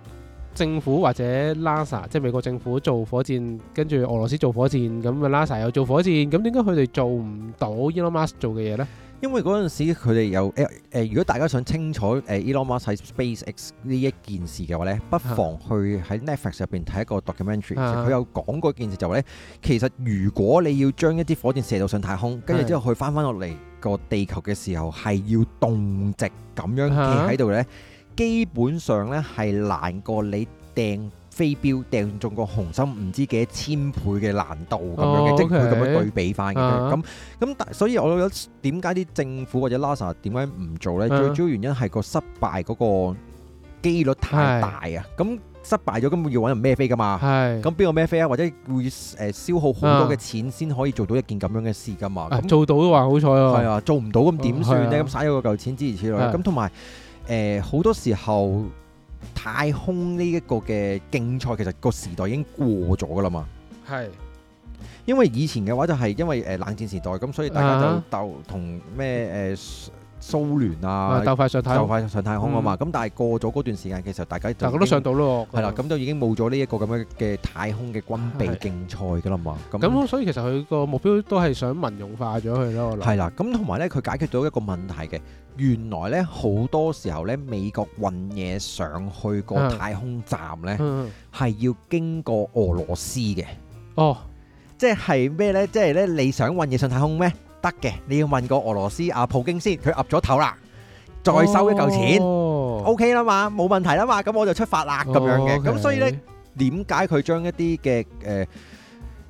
B: 政府或者 NASA 即係美國政府做火箭，跟住俄羅斯做火箭，咁啊 NASA 又做火箭，咁點解佢哋做唔到
A: Elon Musk 做嘅嘢咧？因為嗰陣時佢哋有誒誒、欸呃呃，如果大家想清楚誒、呃、Elon Musk 喺 SpaceX 呢一件事嘅話咧，不妨去喺 Netflix 入邊睇一個 documentary，佢、啊、有講過件事就話咧，其實如果你要將一啲火箭射到上太空，跟住之後去翻翻落嚟個地球嘅時候係要動直咁樣企喺度咧，啊、基本上咧係難過你掟。飛鏢掟中個紅心唔知幾千倍嘅難度咁樣嘅，即係佢咁樣對比翻嘅。咁咁但所以我覺得點解啲政府或者 NASA 點解唔做咧？最主要原因係個失敗嗰個機率太大啊！咁失敗咗，根本要揾人孭飛噶嘛。咁邊個孭飛啊？或者會誒消耗好多嘅錢先可以做到一件咁樣嘅事噶嘛。咁做到都話好彩啊。係啊，做唔到咁點算咧？咁使咗嚿錢諸如此類咁同埋誒好多時候，太空呢一個嘅競賽其實個時代已經過咗㗎喇嘛，
B: 係是，
A: 因為以前嘅話就係因為誒冷戰時代咁，所以大家就鬥同咩誒。Uh huh. 呃蘇聯啊，就快上太就快上太空啊嘛！咁、嗯、但係過咗嗰段時間其實大家大都上到咯，係啦、啊，咁就已經冇咗呢一個咁樣嘅太空嘅軍備競賽嘅啦嘛。咁咁、啊、那所以其實佢個目標都係想民用化咗佢咯。係啦、啊，咁同埋咧，佢、啊、解決到一個問題嘅，原來咧好多時候咧，美國運嘢上去個太空站咧，係、啊啊、要經過俄羅斯嘅。哦即，即係咩咧？即係咧，你想運嘢上太空咩？得嘅，你要問過俄羅斯啊普京先，佢岌咗頭啦，
B: 再收一嚿錢、哦，OK
A: 啦嘛，冇問題啦嘛，咁我就出發啦咁、哦 okay，樣嘅。咁所以呢，點解佢將一啲嘅誒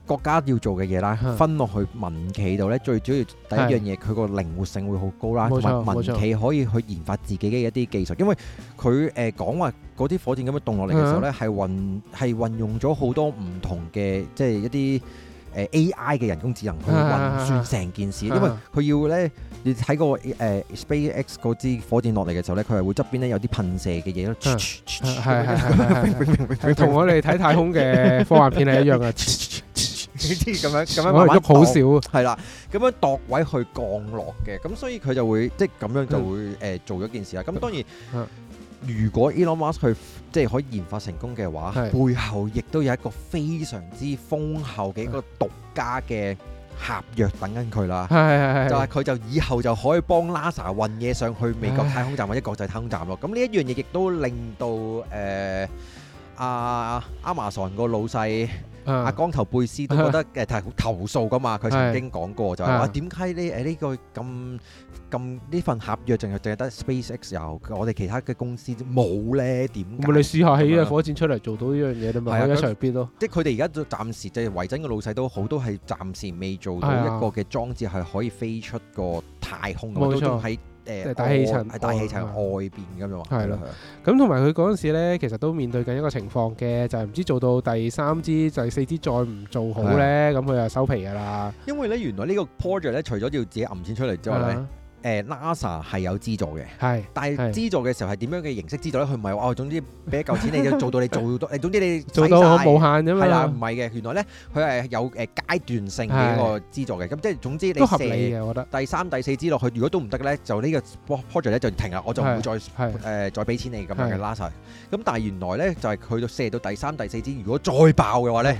A: 國家要做嘅嘢啦，分落去民企度呢？嗯、最主要第一樣嘢，佢個、嗯、靈活性會好高啦，同埋冇錯民企可以去研發自己嘅一啲技術，因為佢誒講話嗰啲火箭咁樣動落嚟嘅時候呢，係運係運用咗好多唔同嘅，即係一啲。誒 AI 嘅人工智能去運算成件事， 啊、因為佢要咧，你睇個誒 SpaceX 嗰支火箭落嚟嘅時候咧，佢係會側邊咧有啲噴射嘅嘢咯，係同我哋睇太空嘅科幻片係一樣嘅，呢啲咁樣咁樣去喐好少，係啦，咁 樣度位去降落嘅，咁所以佢就會即係咁樣就會誒、 嗯、做咗一件事啦。咁當然。 嗯如果 Elon Musk 佢即係可以研發成功嘅話，是背後亦都有一個非常之豐厚嘅一個獨家嘅合約等緊佢啦，的就係佢就以後就可以幫 NASA 運嘢上去美國太空站或者國際太空站咯。咁呢一樣嘢亦都令到誒阿阿馬遜個老細。阿光頭貝斯都覺得誒，佢係好投訴噶嘛，佢曾經講過就係話點解呢，誒呢個咁咁呢份合約淨係淨係得 SpaceX 有，我哋其他嘅公司冇咧？點？咁你試下喺呢架火箭出嚟做到呢樣嘢啫嘛，喺上邊咯。即係佢哋而家暫時就係維珍嘅老細都好，都係暫時未做到一個嘅裝置係可以飛出個太空咁都仲係。誒，大外氣層係大氣層外邊咁樣，係咯
B: 的。咁同埋佢嗰陣時咧，其實都面對緊一個情況嘅，就係、是、唔知做到第三支、第四支再唔做好咧，咁佢的就收皮噶啦。
A: 因為咧，原來呢個 project 咧，除咗要自己揞錢出嚟之外咧。誒 NASA 係有資助嘅，係，但係資助嘅時候係點樣嘅形式資助咧？佢唔係話，我總之俾一嚿錢，你就做到你做到，你總之你做到冇限啫，係啦，唔係嘅，原來咧佢係有誒階段性嘅一個資助嘅，咁即係總之你都合理嘅，我覺得。第三、第四支落去，如果都唔得嘅咧，就呢個 project 咧就停啦，我就唔會再誒再俾錢你咁樣嘅 NASA 咁但係原來咧就係佢到射到第三、第四支，如果再爆嘅話咧，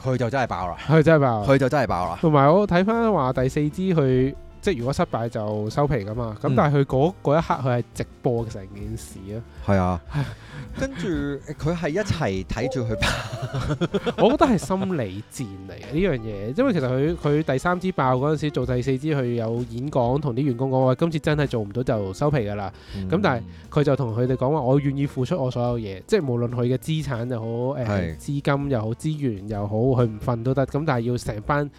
A: 佢就真係爆啦，佢
B: 真係爆，佢就真係爆啦。同埋我睇翻話第四支去。即係如果失敗就收皮噶嘛，咁但係佢嗰一刻佢係直播成件事咯，
A: 係啊，
B: 跟住佢係一齊睇住佢爆， 我覺得係心理戰嚟嘅呢樣嘢， 因為其實佢佢第三支爆嗰陣時做第四支，佢有演講同啲員工講話，今次真係做唔到就收皮噶啦，咁、嗯、但係佢就同佢哋講話，我願意付出我所有嘢，即無論佢嘅資產又好，誒是資金又好，資源又好，佢唔瞓都得，咁但係要成班。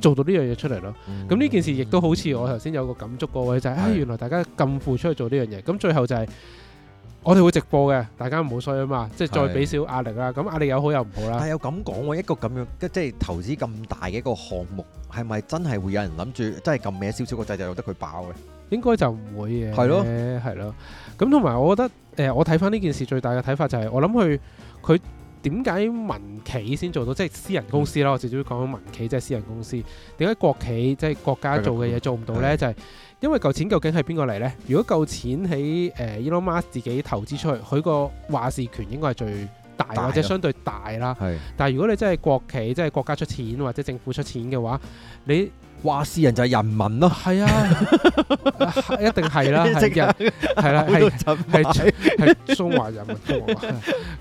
B: 做到呢樣嘢出嚟咯，咁呢件事亦都好似我頭先有個感觸，個位就係，啊原來大家咁付出去做呢樣嘢，咁最後就係
A: 我哋會直播嘅，大家唔好衰啊嘛，即係再俾少壓力啦，咁壓力有好有唔好啦。但係有咁講喎，一個咁樣即係投資咁大嘅一個項目，係咪真係會有人諗住真係撳咩少少個掣就由得佢爆嘅？應該就唔
B: 會嘅，係咯，係咯。咁同埋我覺得，誒我睇翻呢件事最大嘅睇法就係，我諗佢佢。點解民企先做到，即係私人公司啦？我直接講民企，即係私人公司。點解、嗯、國企即係國家做嘅嘢做唔到呢？就係因為嚿錢究竟係邊個嚟呢？如果嚿錢喺誒 Elon Musk 自己投資出去，佢個話事權應該係最大，大的或者相對大啦。的但係如果你真係國企，即係國家出錢或者政府出錢嘅話，你。話事人就係人民咯，係啊，一定係啦，係人，係啦，係係係中華人民，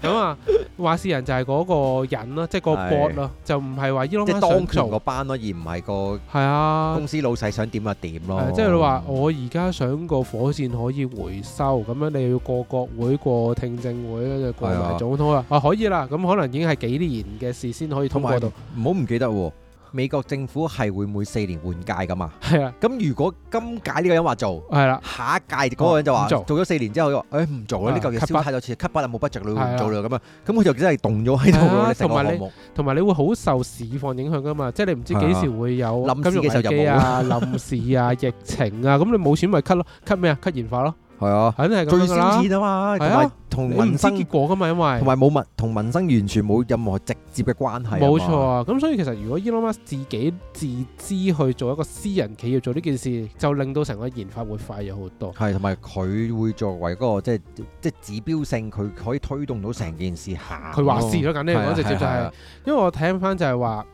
B: 咁啊，話事人就係嗰個人咯，即係個 board 咯，
A: 就唔係話伊朗想做個班咯，而唔係個
B: 係啊公司
A: 老細想點就點咯，即係你話
B: 我而家想個火箭可以回收，咁樣你要過國會、過聽證會，跟住過埋總
A: 統啊，啊可以啦，咁可能已經係幾年嘅事先可以通過到，唔好唔記得喎。美國政府係會每四年換屆噶嘛？係啊，咁 如果今屆呢個人話做，係啦的，下一屆嗰個人就話做，做咗四年之後，誒唔做啦，呢嚿嘢燒太多錢，吸筆又冇筆跡，你做咗咁啊，咁佢就真係凍咗喺度咯。同埋你，同埋
B: 你 會好受市況影響噶嘛？即係你唔知幾時會有金融危機啊、臨時 啊、疫情啊，咁你冇錢咪吸咯，吸咩啊？吸現化咯。係啊，肯定係咁嘅啦。最少啊嘛，同埋
A: 同民生結果㗎嘛，因為同埋冇物同民生完全冇任何直接嘅關係。冇錯啊，
B: 咁所以其實如果 Elon Musk 自己自知去做一個私人企業做呢件事，就令到成個研發會快咗好多。
A: 係、啊，同埋佢會作為嗰、嗰個即係即係指標性，佢可以推動到成件事下。佢話事咯，簡單直接就係、是啊啊
B: 啊、因為我睇翻就係話，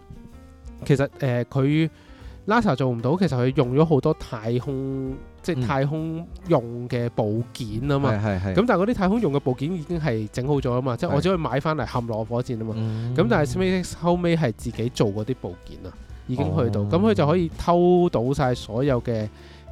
B: 其實誒佢。呃 LASA 做唔到，其實佢用咗好多太空即係太空用嘅部件啊嘛，咁、嗯、但係嗰啲太空用嘅部件已經係整好咗啊嘛，是即係我只可以買翻嚟冚落火箭啊嘛，咁、嗯、但係、嗯、SpaceX 後尾係自己做嗰啲部件啊，已經去到，咁佢、哦、就可以偷到晒所有嘅。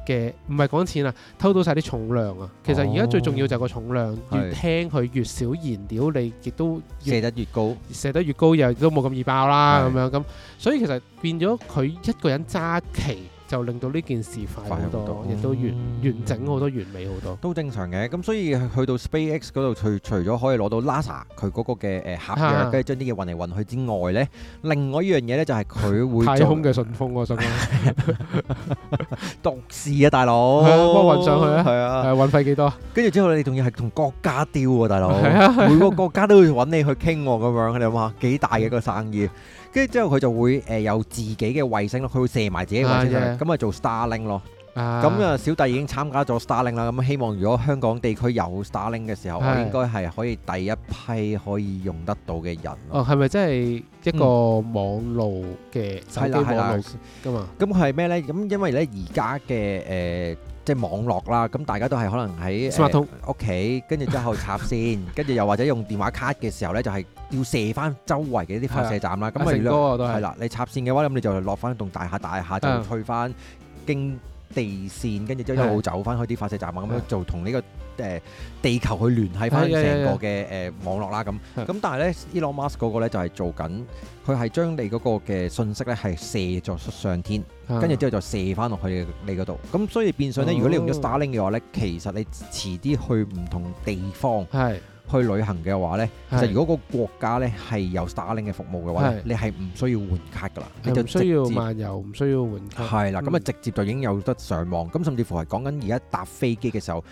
B: 嘅唔係講錢啊，偷到晒啲重量啊！其實而家最重要就係個重量，哦、越輕佢越少燃料，你亦都射得越高，射得越高又都冇咁易爆啦咁是樣咁，所以其實變咗佢一個人揸旗。就令到呢件
A: 事快好多，亦、嗯、都完完整好多、完美好多，都正常嘅。咁所以去到 SpaceX 嗰度，除除咗可以攞到 NASA 佢嗰個嘅誒合約，跟住將啲嘢運嚟運去之外咧，另外一樣嘢咧就係佢會太空嘅順豐啊，順豐獨事啊，大佬，幫我運上去啊，係啊的，係運費幾多？跟住之後你仲要係同國家丟啊，大佬，的的每個國家都要揾你去傾喎，咁樣你諗下，幾 大嘅個生意。跟住之後佢就會誒有自己嘅衛星咯，佢會射埋自己嘅衛星，咁啊做 Starlink 咯。咁啊小弟已經參加咗 Starlink 啦，咁希望如果香港地區有 Starlink 嘅時候，是我應該係可以第一批可以用得到嘅人哦，係咪真係一個網路嘅手機網路？係啦，係啦咁啊？咁係咩呢？咁因為呢，而家嘅誒。呃即係網絡啦，咁大家都係可能喺屋企，跟住 Smart、呃、之後插線，跟住 又或者用電話卡嘅時候咧，就係、是、要射翻周圍嘅啲發射站啦。咁的你啊，係啦的，你插線嘅話，咁你就落翻棟大，大廈，大廈的就去翻經地線，跟住之後一路走翻去啲發射站啊，咁的樣做同呢個。誒地球去聯繫翻成個嘅誒網絡啦，咁咁，但係咧，Elon Musk 嗰個咧就係、是、做緊，佢係將你嗰個嘅信息咧係射咗上天，跟住之後就射翻落去你嗰度。咁所以變相咧，哦、如果你用咗 Starlink 嘅話咧，其實你遲啲去唔同地方去旅行嘅話咧，的其實如果個國家咧係有 Starlink 嘅服務嘅話咧，的你係唔需要換卡噶啦，你就直接漫遊唔需要換卡係啦。咁啊，就直接就已經有得上網咁，甚至乎係講緊而家搭飛機嘅時候。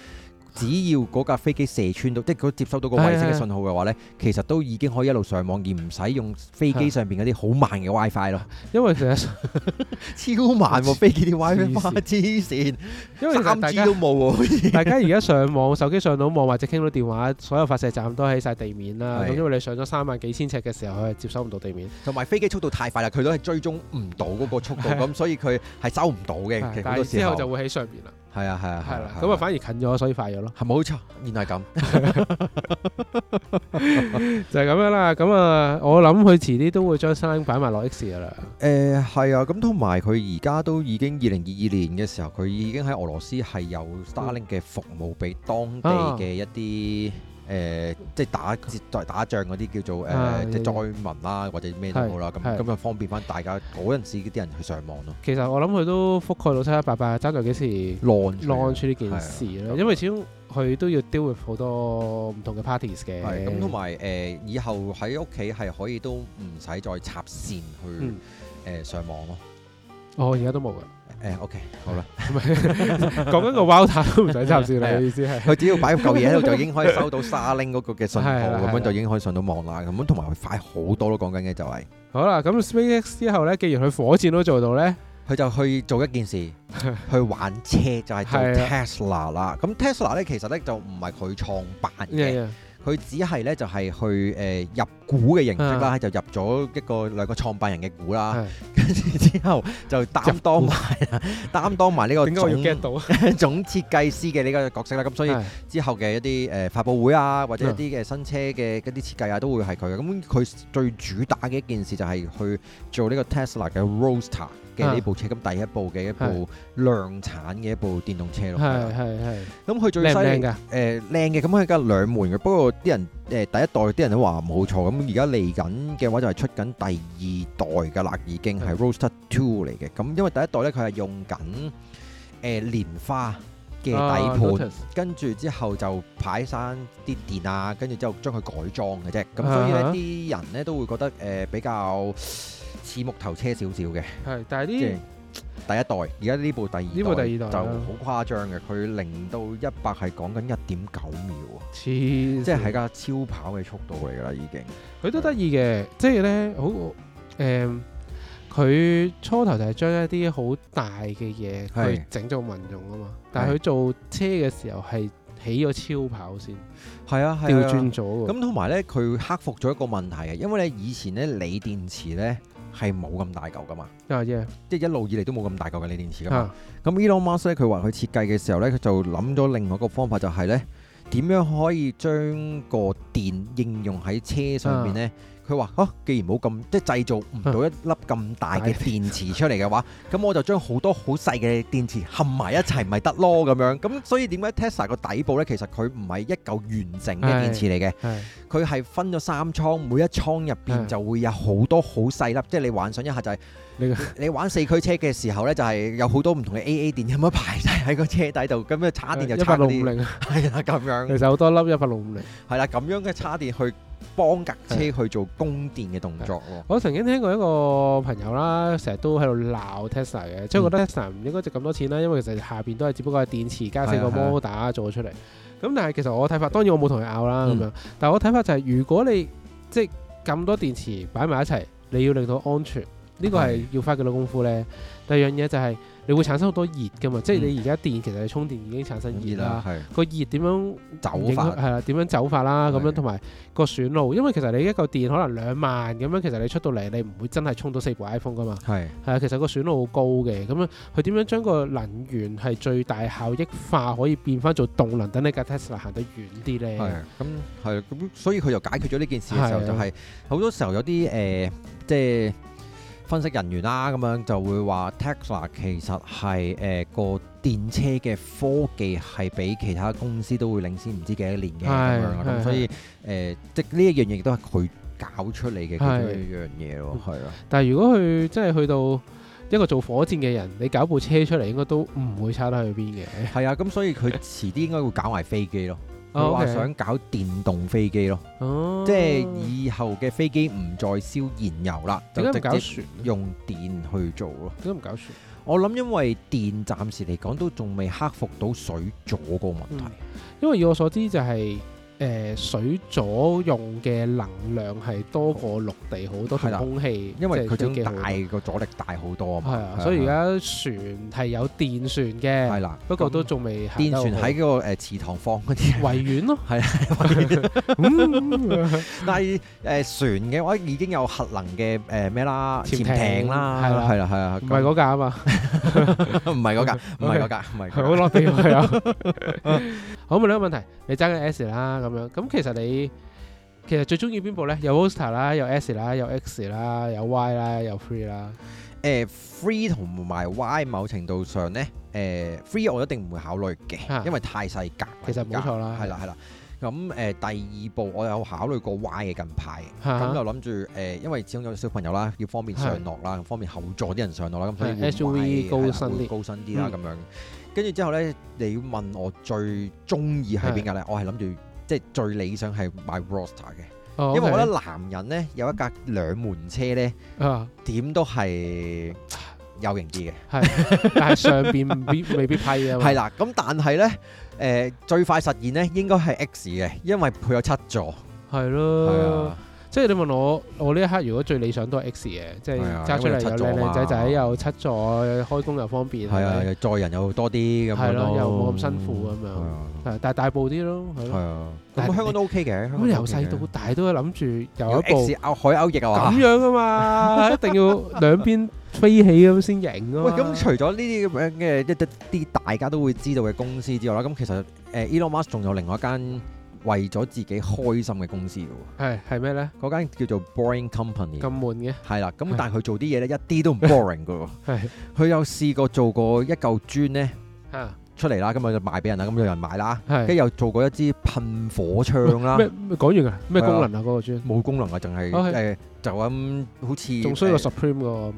A: 只要嗰架飛機射穿到，即係佢接收到個衛星嘅信號嘅話咧，的其實都已經可以一路上網而唔使用，用飛機上邊嗰啲好慢嘅 WiFi 咯。因為其實超慢喎，飛機啲 WiFi，嘩黐線，因為三 G 都冇喎。
B: 大家而家上網，手機上到網或者傾到電話，所有發射站都喺晒地面啦。的因為你上咗三萬幾千尺嘅時候，佢係接收唔到地面。同埋
A: 飛機速度太快啦，佢都係追蹤唔到嗰個速度，咁的所以佢係收唔到嘅。其實好多時候，但之後就
B: 會喺上邊啦。係啊係啊係啦，咁啊，
A: 啊反而近咗，所以快咗咯。係冇錯，原來咁，
B: 就係咁樣啦。咁、 呃、啊，我諗佢遲啲都會將
A: Starling 擺埋落 X 噶啦。誒、係啊，咁同埋，佢而家都已經二零二二年嘅時候，佢已經喺俄羅斯係有 Starling 嘅 有 服務俾當地嘅一啲、啊。誒、呃，即係打即係打仗嗰啲叫做誒、呃，對即係災民啦，或者咩都好啦，咁咁就方便翻大家嗰陣時嗰啲人去上網咯。其實
B: 我諗佢都覆蓋到七七八八，爭在幾時 launch 呢件事咧？因為始終佢都要 deal with 好多唔同嘅 parties 嘅，咁同
A: 埋誒，以後喺屋企係可以都唔使再插線去誒、嗯呃、上網咯。
B: 哦，而家都冇㗎。誒、嗯、，OK，好啦，講緊 個 water 都唔使插線嘅意思係，佢 只要擺嚿嘢喺度就已經可以收到沙鈴嗰個嘅信號，咁 樣就已
A: 經可以上到網啦，咁樣同埋快多，就是，好多咯。講緊嘅就係，好啦，咁 SpaceX 之後咧，既然佢火箭都做到咧，佢就去做一件事， 去玩車就係、是，做 Tesla 啦。咁 Tesla 咧，其實咧就唔係佢創辦嘅。Yeah, yeah. 佢只係咧就係、是、去誒、呃、入股嘅形式啦，是的 就入咗一個兩個創辦人嘅股啦，跟住之後就擔當埋擔入股 當埋呢個總要到 總設計師嘅呢個角色啦。咁是的 所以是的 之後嘅一啲誒、呃、發佈會啊，或者一啲嘅新車嘅一啲設計啊，都會係佢嘅。咁佢最主打嘅一件事就係去做呢個 Tesla 嘅 Roadster。嘅呢部車，咁第一部嘅一部量產嘅一部電動車咯，係係係。
B: 咁佢最犀
A: 利誒靚嘅，咁佢而家兩門嘅。不過啲人誒第一代啲人都話冇錯，咁而家嚟緊嘅話就係出緊第二代嘅啦，已經係 Roadster Two 嚟嘅。咁因為第一代咧佢係用緊誒蓮花嘅底盤，跟住之後就排生啲電啊，跟住之後將佢改裝嘅啫。咁所以咧啲人咧都會覺得誒比較。似木頭車少少嘅
B: 係，但係
A: 啲第一代而家呢部第二呢部第二代，第二代就好誇張嘅。佢零了到一百係講緊一點九秒啊，即係喺架超跑嘅速度嚟㗎啦，已經佢都得意嘅，即係咧好誒。佢、嗯
B: 嗯、初頭就係將一啲好大嘅嘢是去整做民用啊嘛，但係佢
A: 做車嘅時候係起咗超跑先係
B: 啊，調、啊、轉咗咁。同埋
A: 咧，佢、啊、克服咗一個問題嘅，因為咧以前咧鋰電池咧。係冇咁大嚿噶嘛，即係、uh, yeah. 一路以嚟都冇咁大嚿嘅鋰電池噶嘛。咁、uh. Elon Musk 咧，佢話佢設計嘅時候咧，佢就諗咗另外一個方法就呢，就係咧點樣可以將個電應用喺車上邊咧？Uh. 佢話、啊：既然冇咁即係製造唔到一粒咁大嘅電池出嚟嘅話，咁、啊、我就將好多好細嘅電池冚埋一齊咪得咯咁樣。咁所以點解 Tesla 個底部呢？其實佢唔係一嚿完整嘅電池嚟嘅，佢係分咗三倉，每一倉入邊就會有好多好細粒。的即係你幻想一下就係、是這個、你玩四驅車嘅時候呢，就係、是、有好多唔同嘅 AA 電，咁樣排晒喺個車底度，咁樣插電就插一八六五零啊，係啦咁樣。其實好多粒一八六五零，係啦，咁樣嘅插電去。幫架車去做供電嘅動作喎。我曾經聽
B: 過一個朋友啦，成日都喺度鬧 Tesla 嘅，即係我覺得 Tesla 唔應該值咁多錢啦，因為其實下邊都係只不過係電池加四個摩打做咗出嚟。咁但係其實我睇法，當然我冇同佢拗啦咁樣。嗯、但係我睇法就係、是，如果你即係咁多電池擺埋一齊，你要令到安全，呢、呢個係要花幾多功夫咧。的第二樣嘢就係、是。你會產生好多熱噶嘛？即係你而家電，其實你充電已經產生熱啦，係個熱點樣走法係啦？點是樣走法啦？咁樣同埋個損耗，因為其實你一嚿電可能兩萬咁樣，其實你出到嚟你唔會真係充到四部 iPhone 噶嘛？係係啊，其實個損耗好高嘅，咁樣佢點樣將個能源係最大效益化，可以變翻做動能，等你架 Tesla 行得遠啲咧？係咁，
A: 係咁所以佢又解決咗呢件事嘅時候，是是就係好多時候有啲誒、呃，即係。分析人員啦，咁樣就會話 Tesla 其實係誒個電車嘅科技係比其他公司都會領先唔知幾多年嘅，咁的樣，咁的所以誒、呃、的即呢一樣嘢都係佢搞出嚟嘅的其中一樣嘢咯，係啊。
B: 但係如果佢真係去到一個做火箭嘅人，你搞部車出嚟應該都唔
A: 會差得去邊嘅。係啊，咁所以佢遲啲應該會搞埋飛機咯。 佢話想搞電動飛機咯，
B: 啊、即係以
A: 後嘅飛機唔再燒燃油啦，搞船就直接用電去做咯。點解唔搞船？我諗因為電暫時嚟講都仲未克服到水阻個問題、嗯，因為以我所知就係、是。誒
B: 水阻用嘅能量係多過陸地好多，空氣因為佢將大
A: 個阻力大好多啊嘛，所以而家
B: 船係有電船
A: 嘅，不過都仲未電船喺個誒池塘放嗰啲維園咯，係係維園。但係誒船嘅話已經有核能嘅誒咩啦，潛艇啦，係啦係啦係啊，唔係嗰架啊嘛，
B: 唔係嗰架，唔係嗰架，唔係好落地係啊。好，問兩個問題。你揸緊 S 啦，咁樣咁其實你其實最中意邊部咧？有 Roadster 啦，有 S 啦，有 X 啦，有 Y
A: 啦，有 Free 啦。誒 Free 同埋 Y 某程度上咧，誒、呃、Free 我一定唔會考慮嘅，啊、因為太細格其實冇錯啦，係啦係啦。咁誒的、呃、第二部我有考慮過 Y 嘅近排，咁、啊、就諗住誒，因為始終有小朋友啦，要方便上落啦，的方便後座啲人上落啦，咁所以 SUV 高身啲，高身啲啦咁樣。嗯跟住之後呢，你要問我最中意係邊架呢？是我係諗住即係最理想係買 Roadster 嘅，因為我覺得男人呢，有一架兩門車呢，點、uh, 都係有型啲嘅。但係上邊 未必批啊。係啦，咁但係呢，誒、呃、最快實現呢應該係 X 嘅，因為佢有七座。係咯的。的即係你問我，我呢一刻如果最理想都係 X
B: 嘅，即係揸出嚟又靚靚仔仔，又七,七,七座，開工又方便，係啊對，吧又
A: 載人又多啲咁，係咯吧，吧又冇咁辛苦
B: 咁樣，係，但係大部啲咯，係啊，咁香港都 OK 嘅，咁由細到大都諗住有一部 X，
A: 海鷗翼啊咁樣
B: 啊嘛， 一定要兩邊飛起咁先型啊。喂，咁除
A: 咗呢啲咁樣嘅一啲大家都會知道嘅公司之外啦，咁其實誒、e、Elon Musk 仲有另外一間。為咗自己開心嘅公司㗎喎，係係咩咧？嗰間叫做 Boring Company，咁悶嘅，係啦。咁但係佢做啲嘢咧一啲都唔 boring 嘅喎，係佢 的有試過做過一嚿磚咧，出嚟啦，咁就賣俾人啦，咁有人買啦，跟住的又做過一支噴火槍啦。咩講完啊？咩功能啊？嗰的個磚冇功能啊，淨係誒就咁、嗯、好似仲需要個
B: Supreme 咁。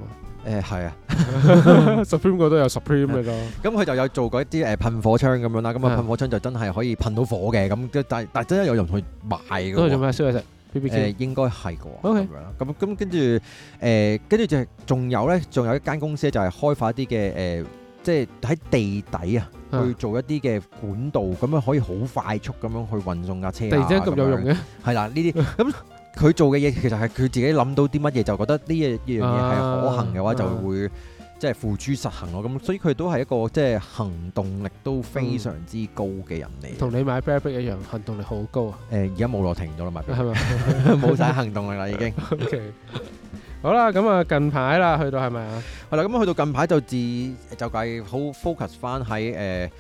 A: 誒，係啊、嗯、
B: ，Supreme 嗰度有 Supreme 嘅咋？
A: 咁佢、嗯、就有做過一啲誒噴火槍咁樣啦，咁啊噴火槍就真係可以噴到火嘅，咁但但真係有人去買嘅喎。都係做咩？消遣？誒，應該係嘅。咁樣 Okay.、嗯，咁咁跟住，誒，跟住就係仲有咧，仲有一間公司就係開發一啲嘅，誒、呃，即係喺地底啊，去做一啲嘅管道，咁、嗯、樣可以好快速咁樣去運送架車。地底咁有用嘅？係啦，呢啲咁。嗯 佢做嘅嘢其實係佢自己諗到啲乜嘢就覺得呢一一樣嘢係可行嘅話，就會即係付諸實行咯。咁所以佢都係一個即係行動力都非常之高嘅人嚟。同
B: 你買啤啤一樣，行動力好高啊！誒，而
A: 家冇咯，停咗啦，買，冇曬行動力啦，已經。OK，好啦，咁啊，近排啦，去到係咪啊？係啦，咁去到近排就自就計好 focus 翻喺誒。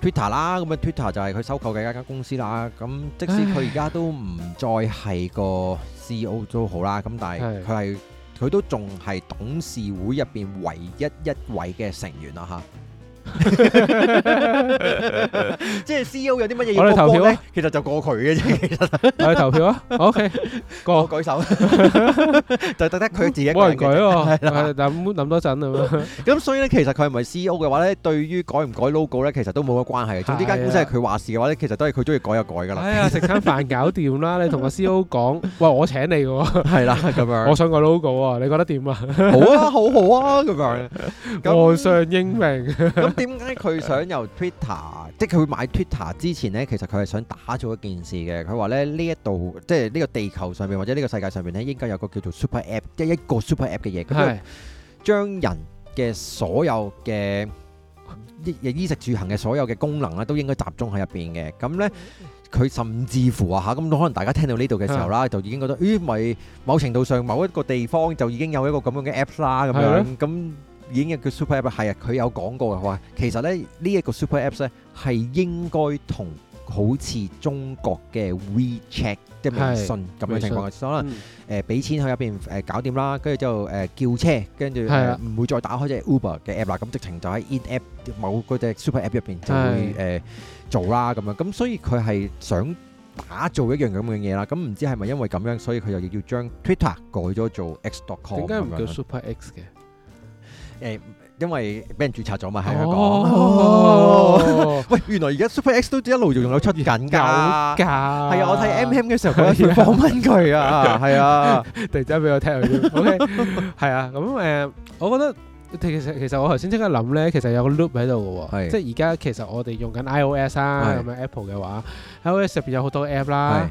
A: Twitter 啦，咁啊 Twitter 就係佢收購嘅一間公司啦。咁即使佢而家都唔再係個 CEO 都好啦，咁但係佢係佢都仲係董事會入邊唯一一位嘅成員啦嚇。即係 CEO 有啲乜嘢要我投票咧？其實就過佢嘅啫。其實我投票啊。OK，過舉手就等得佢自己舉。改喎。係啦。諗諗多陣咁樣。咁所以咧，其實佢係唔係 CEO 嘅話咧，對於改唔改 logo 咧，其實都冇乜關係。總之間公司係佢話事嘅話咧，其實都係佢中意改就改噶啦。哎呀，食餐飯
B: 搞掂啦。你同阿 CEO 講，喂，我請你喎。係啦，咁樣。我想改 logo 啊，你覺得點
A: 啊？好啊，好好啊，咁樣。皇上英明。點解佢想由 Twitter，即係佢買 Twitter 之前呢，其實佢係想打造一件事嘅。佢話咧呢一度，即係呢個地球上面或者呢個世界上面呢，應該有個叫做 super app，即係一個 super app 嘅嘢。佢將是人嘅所有嘅衣，衣食住行嘅所有嘅功能咧，都應該集中喺入邊嘅。咁呢，佢甚至乎話嚇，咁可能大家聽到呢度嘅時候啦，是就已經覺得，咦咪某程度上某一個地方就已經有一個咁樣嘅 app 啦咁樣咁。是已經叫個 super app 係啊。佢有講過嘅話，其實咧呢一個 super app 咧係應該同好似中國嘅 WeChat，即係微信咁樣情況，可能誒俾錢去入邊誒，搞掂啦，跟住就誒叫車，跟住唔會再打開隻 Uber 嘅 app 啦，咁直情就喺 in app 某嗰隻 super app 入邊就會誒做啦咁樣。咁所以佢係想打造一樣咁樣嘢啦。咁唔知係咪因為咁樣，所以佢又要將 Twitter 改咗做 X dot com？點解唔叫 Super X 嘅？誒，因為俾人註冊咗嘛喺香港。喂、哦， 原來而家 Super X 都一路用到出緊㗎。係啊，啊，我睇 MM 嘅時候佢訪問佢啊，係啊，
B: 突然間俾我聽。OK，係 啊。咁誒、呃，我覺得其實其實我頭先即刻諗咧，其實有個 loop 喺度嘅喎。是即係而家其實我哋用緊 iOS 啊，咁樣是 Apple 嘅話，iOS 入邊有好多 app 啦、啊。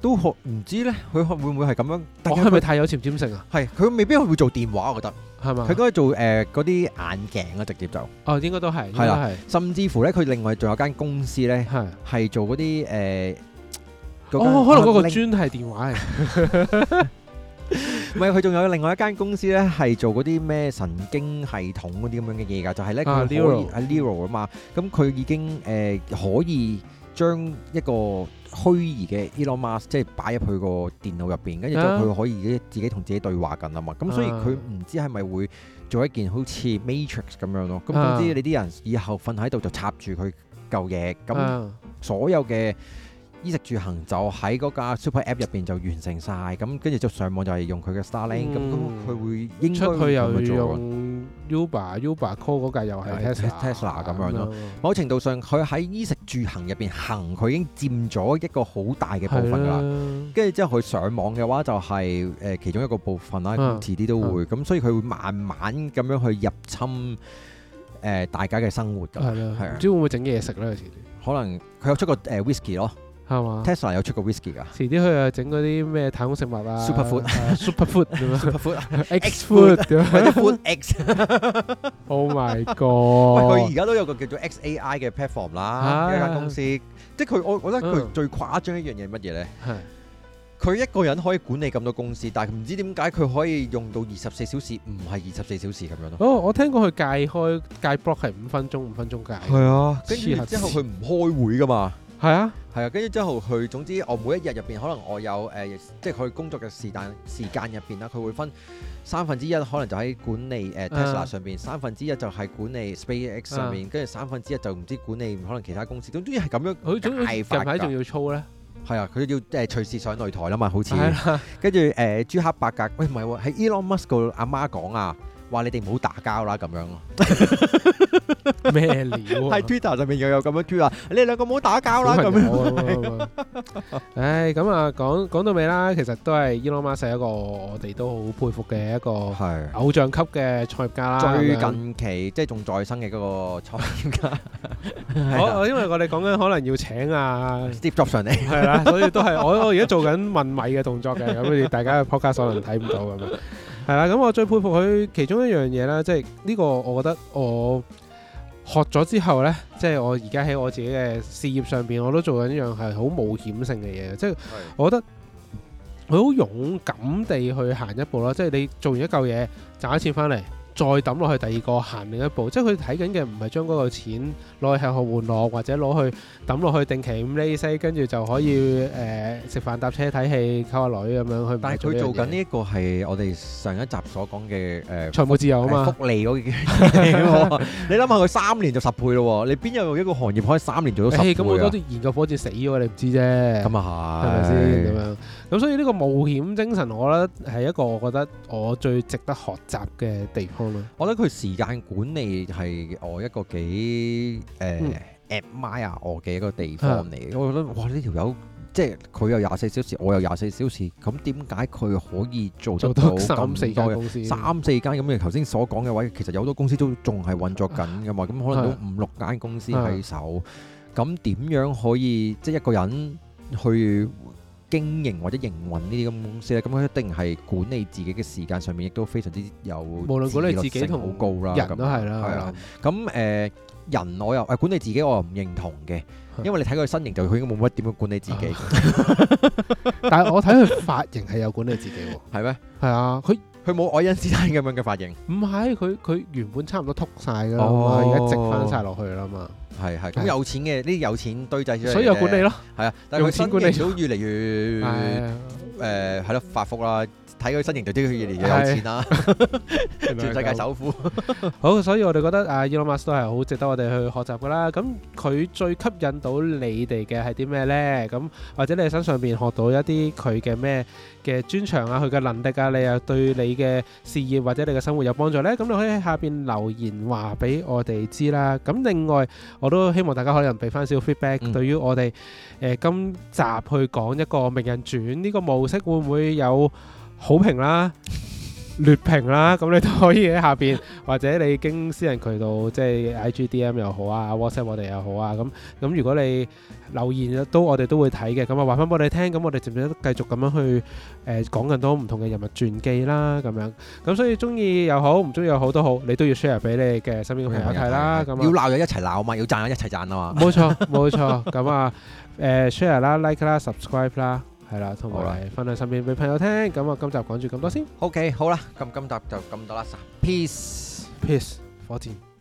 A: 都學唔知咧，佢會唔會係咁樣？我係咪太有前瞻性啊？係，佢未必會做電話，我覺得係嘛？佢應該做誒嗰啲眼鏡啊，直接就
B: 哦，應該都係，係啦，係。
A: 甚至乎咧，佢另外仲有間公司咧，係的做嗰啲誒，呃哦、可能嗰個專係電話啊。唔係， 佢仲有另外一間公司咧，係做嗰啲咩神經系統嗰啲咁樣嘅嘢噶，就係咧佢阿 Leo 啊，ero 啊嘛，咁佢已經誒、呃、可以將一個。虛擬嘅 Elon Musk 即係擺入佢個電腦入邊，跟住就佢可以自己同自己對話緊啊嘛，咁、啊、所以佢唔知係咪會做一件好似 Matrix 咁樣咯？咁、啊、總之你啲人以後瞓喺度就插住佢嚿嘢，咁所有嘅衣食住行就喺嗰架 super app 入邊就完成晒。咁跟住就上網就係用佢嘅 Starlink，咁咁佢會
B: 應該、嗯、出 Uber、Uber call 嗰屆又係
A: Tesla 咁樣咯，某程度上佢喺衣食住行入邊行，佢已經佔咗一個好大嘅部分㗎喇。跟住之後佢上網嘅話就係誒其中一個部分啦，遲啲、啊、都會。咁、啊、所以佢會慢慢咁樣去入侵誒、呃、大家嘅生活㗎。係啊，唔、啊、知會唔會整嘢食咧？遲啲、嗯、可能佢有出個誒 whiskey 咯。係嘛？Tesla 有出過 whisky 噶，遲啲佢又整嗰啲咩太空食物啊？Super food，Super food，Super food，X food，或者 food X。Oh my god！喂，佢而家都有個叫做 XAI 嘅 platform 啦，呢間公司。即係佢，我我覺得佢最誇張一樣嘢乜嘢咧？係佢一個人可以管理咁多公司，但係唔知點解佢可以用到二十四小時，唔係二十四小時咁樣咯。哦，
B: 我聽過佢界開界 block 係五分鐘，五分鐘界。係啊，跟住之後佢唔
A: 開會噶嘛。係啊，係啊，跟住之後去，總之我每一日入邊，可能我有誒、呃，即係佢工作嘅時間時間入邊啦，佢會分三分之一可能就喺管理誒 Tesla 上邊，呃嗯、三分之一就係管理 SpaceX 上邊，跟住、嗯、三分之一就唔知管理可能其他公司，總之係咁樣佢總近排仲要操咧，係啊，佢要即係隨時上擂台啦嘛，好似跟住誒朱克伯格，喂唔係喎，係 Elon Musk 個阿媽講啊。話你哋唔好打交啦，咁樣咯咩料？喺 Twitter 上面又有咁樣 tweet，你哋兩個唔好打交啦咁樣。唉，
B: 咁啊，講講到尾啦，其實都係伊隆馬斯克一個我哋都好佩服嘅一個係偶像級嘅創業家啦。最近
A: 期即係仲在生嘅嗰個創
B: 業家。好，因為我哋講緊可能要請阿 Steve Jobs 上嚟，係啦，所以都係我我而家做緊問米嘅動作嘅，咁樣大家嘅 Podcast 可能睇唔到咁樣。係啦，咁我最佩服佢其中一樣嘢咧，即係呢個，我覺得我學咗之後呢，即係我而家喺我自己嘅事業上邊，我都做緊一樣係好冒險性嘅嘢，即係我覺得佢好勇敢地去行一步啦，即係你做完一嚿嘢，賺一錢翻嚟。再抌落去，第二個行另一步，即係佢睇緊嘅唔係將嗰個錢攞去吃喝玩樂，或者攞去抌落去定期咁利息跟住就可以誒、呃、食飯、搭車、睇戲、溝下女咁樣去。但係佢做緊呢
A: 一個係我哋上一集所講嘅誒財務自由啊嘛，福利嗰啲。你諗下佢三年就十倍咯，你邊有用一個行業可以三年做到十倍？咁好多啲
B: 研究火箭死喎，你唔知啫。咁啊係，係咪先咁樣？咁所以呢個冒險精神，我覺得係一個我覺得我最值得學習嘅地方。
A: 我覺得佢時間管理係我一個幾誒 admire 啊，呃嗯、我嘅一個地方嚟。我覺得哇，呢條友即係佢有廿四小時，我有廿四小時，咁點解佢可以做到咁多嘅公司？三四間咁你頭先所講嘅話？其實有好多公司都仲係運作緊㗎嘛，咁的可能都五六間公司喺手，咁點的樣可以即係一個人去？經營或者營運呢啲咁公司咧，咁佢一定係管理自己嘅時間上面，亦都非常之有。無論、啊想嗯、管理自己同好高啦，咁啊係啦，係啦。咁誒人我又誒是管理自己， 我又唔認同嘅，因為你睇佢身形，就佢應該冇乜點樣管理自己。但係我睇佢髮型係有管理自己喎，係咩嗎？係啊，佢。佢冇愛因斯坦咁樣嘅髮型，
B: 唔係佢佢原本差唔多禿晒㗎嘛，而家植翻晒落
A: 去啦嘛，係係咁有錢嘅呢啲有錢堆仔，所以有管理咯，係啊、呃，但係佢管理都越嚟越誒係咯、呃、發福啦。睇佢身型就知佢越嚟越有錢啦，全世界首富。
B: 好，所以我哋覺得誒 Elon Musk 都係好值得我哋去學習㗎啦。咁佢最吸引到你哋嘅係啲咩呢？咁或者你喺身上邊學到一啲佢嘅咩嘅專長啊，佢嘅能力啊，你又對你嘅事業或者你嘅生活有幫助呢？咁你可以喺下邊留言話俾我哋知啦。咁另外，我都希望大家可能俾翻少少 feedback，對於我哋誒今集去講一個名人傳呢個模式會唔會有？好評啦，劣評啦，咁你都可以喺下邊， 或者你經私人渠道，即係 IGDM 又好啊，WhatsApp 我哋又好啊，咁咁如果你留言都我哋都會睇嘅。咁啊話翻俾我哋聽，咁我哋接唔接繼續咁樣去誒、呃、講更多唔同嘅人物傳記啦，咁樣，咁所以中意又好，唔中意又好都好，你都要 share 俾你嘅身邊嘅朋友睇啦，咁這樣 要鬧就一齊鬧啊嘛，要讚
A: 一齊讚啊嘛，冇錯冇錯，咁啊
B: 誒 share 啦，like 啦，subscribe 啦。係啦，同埋分享身邊俾朋友聽，咁我今集講住咁多先。OK，好啦，
A: 咁今集就咁多啦，散。
B: Peace，peace，火箭。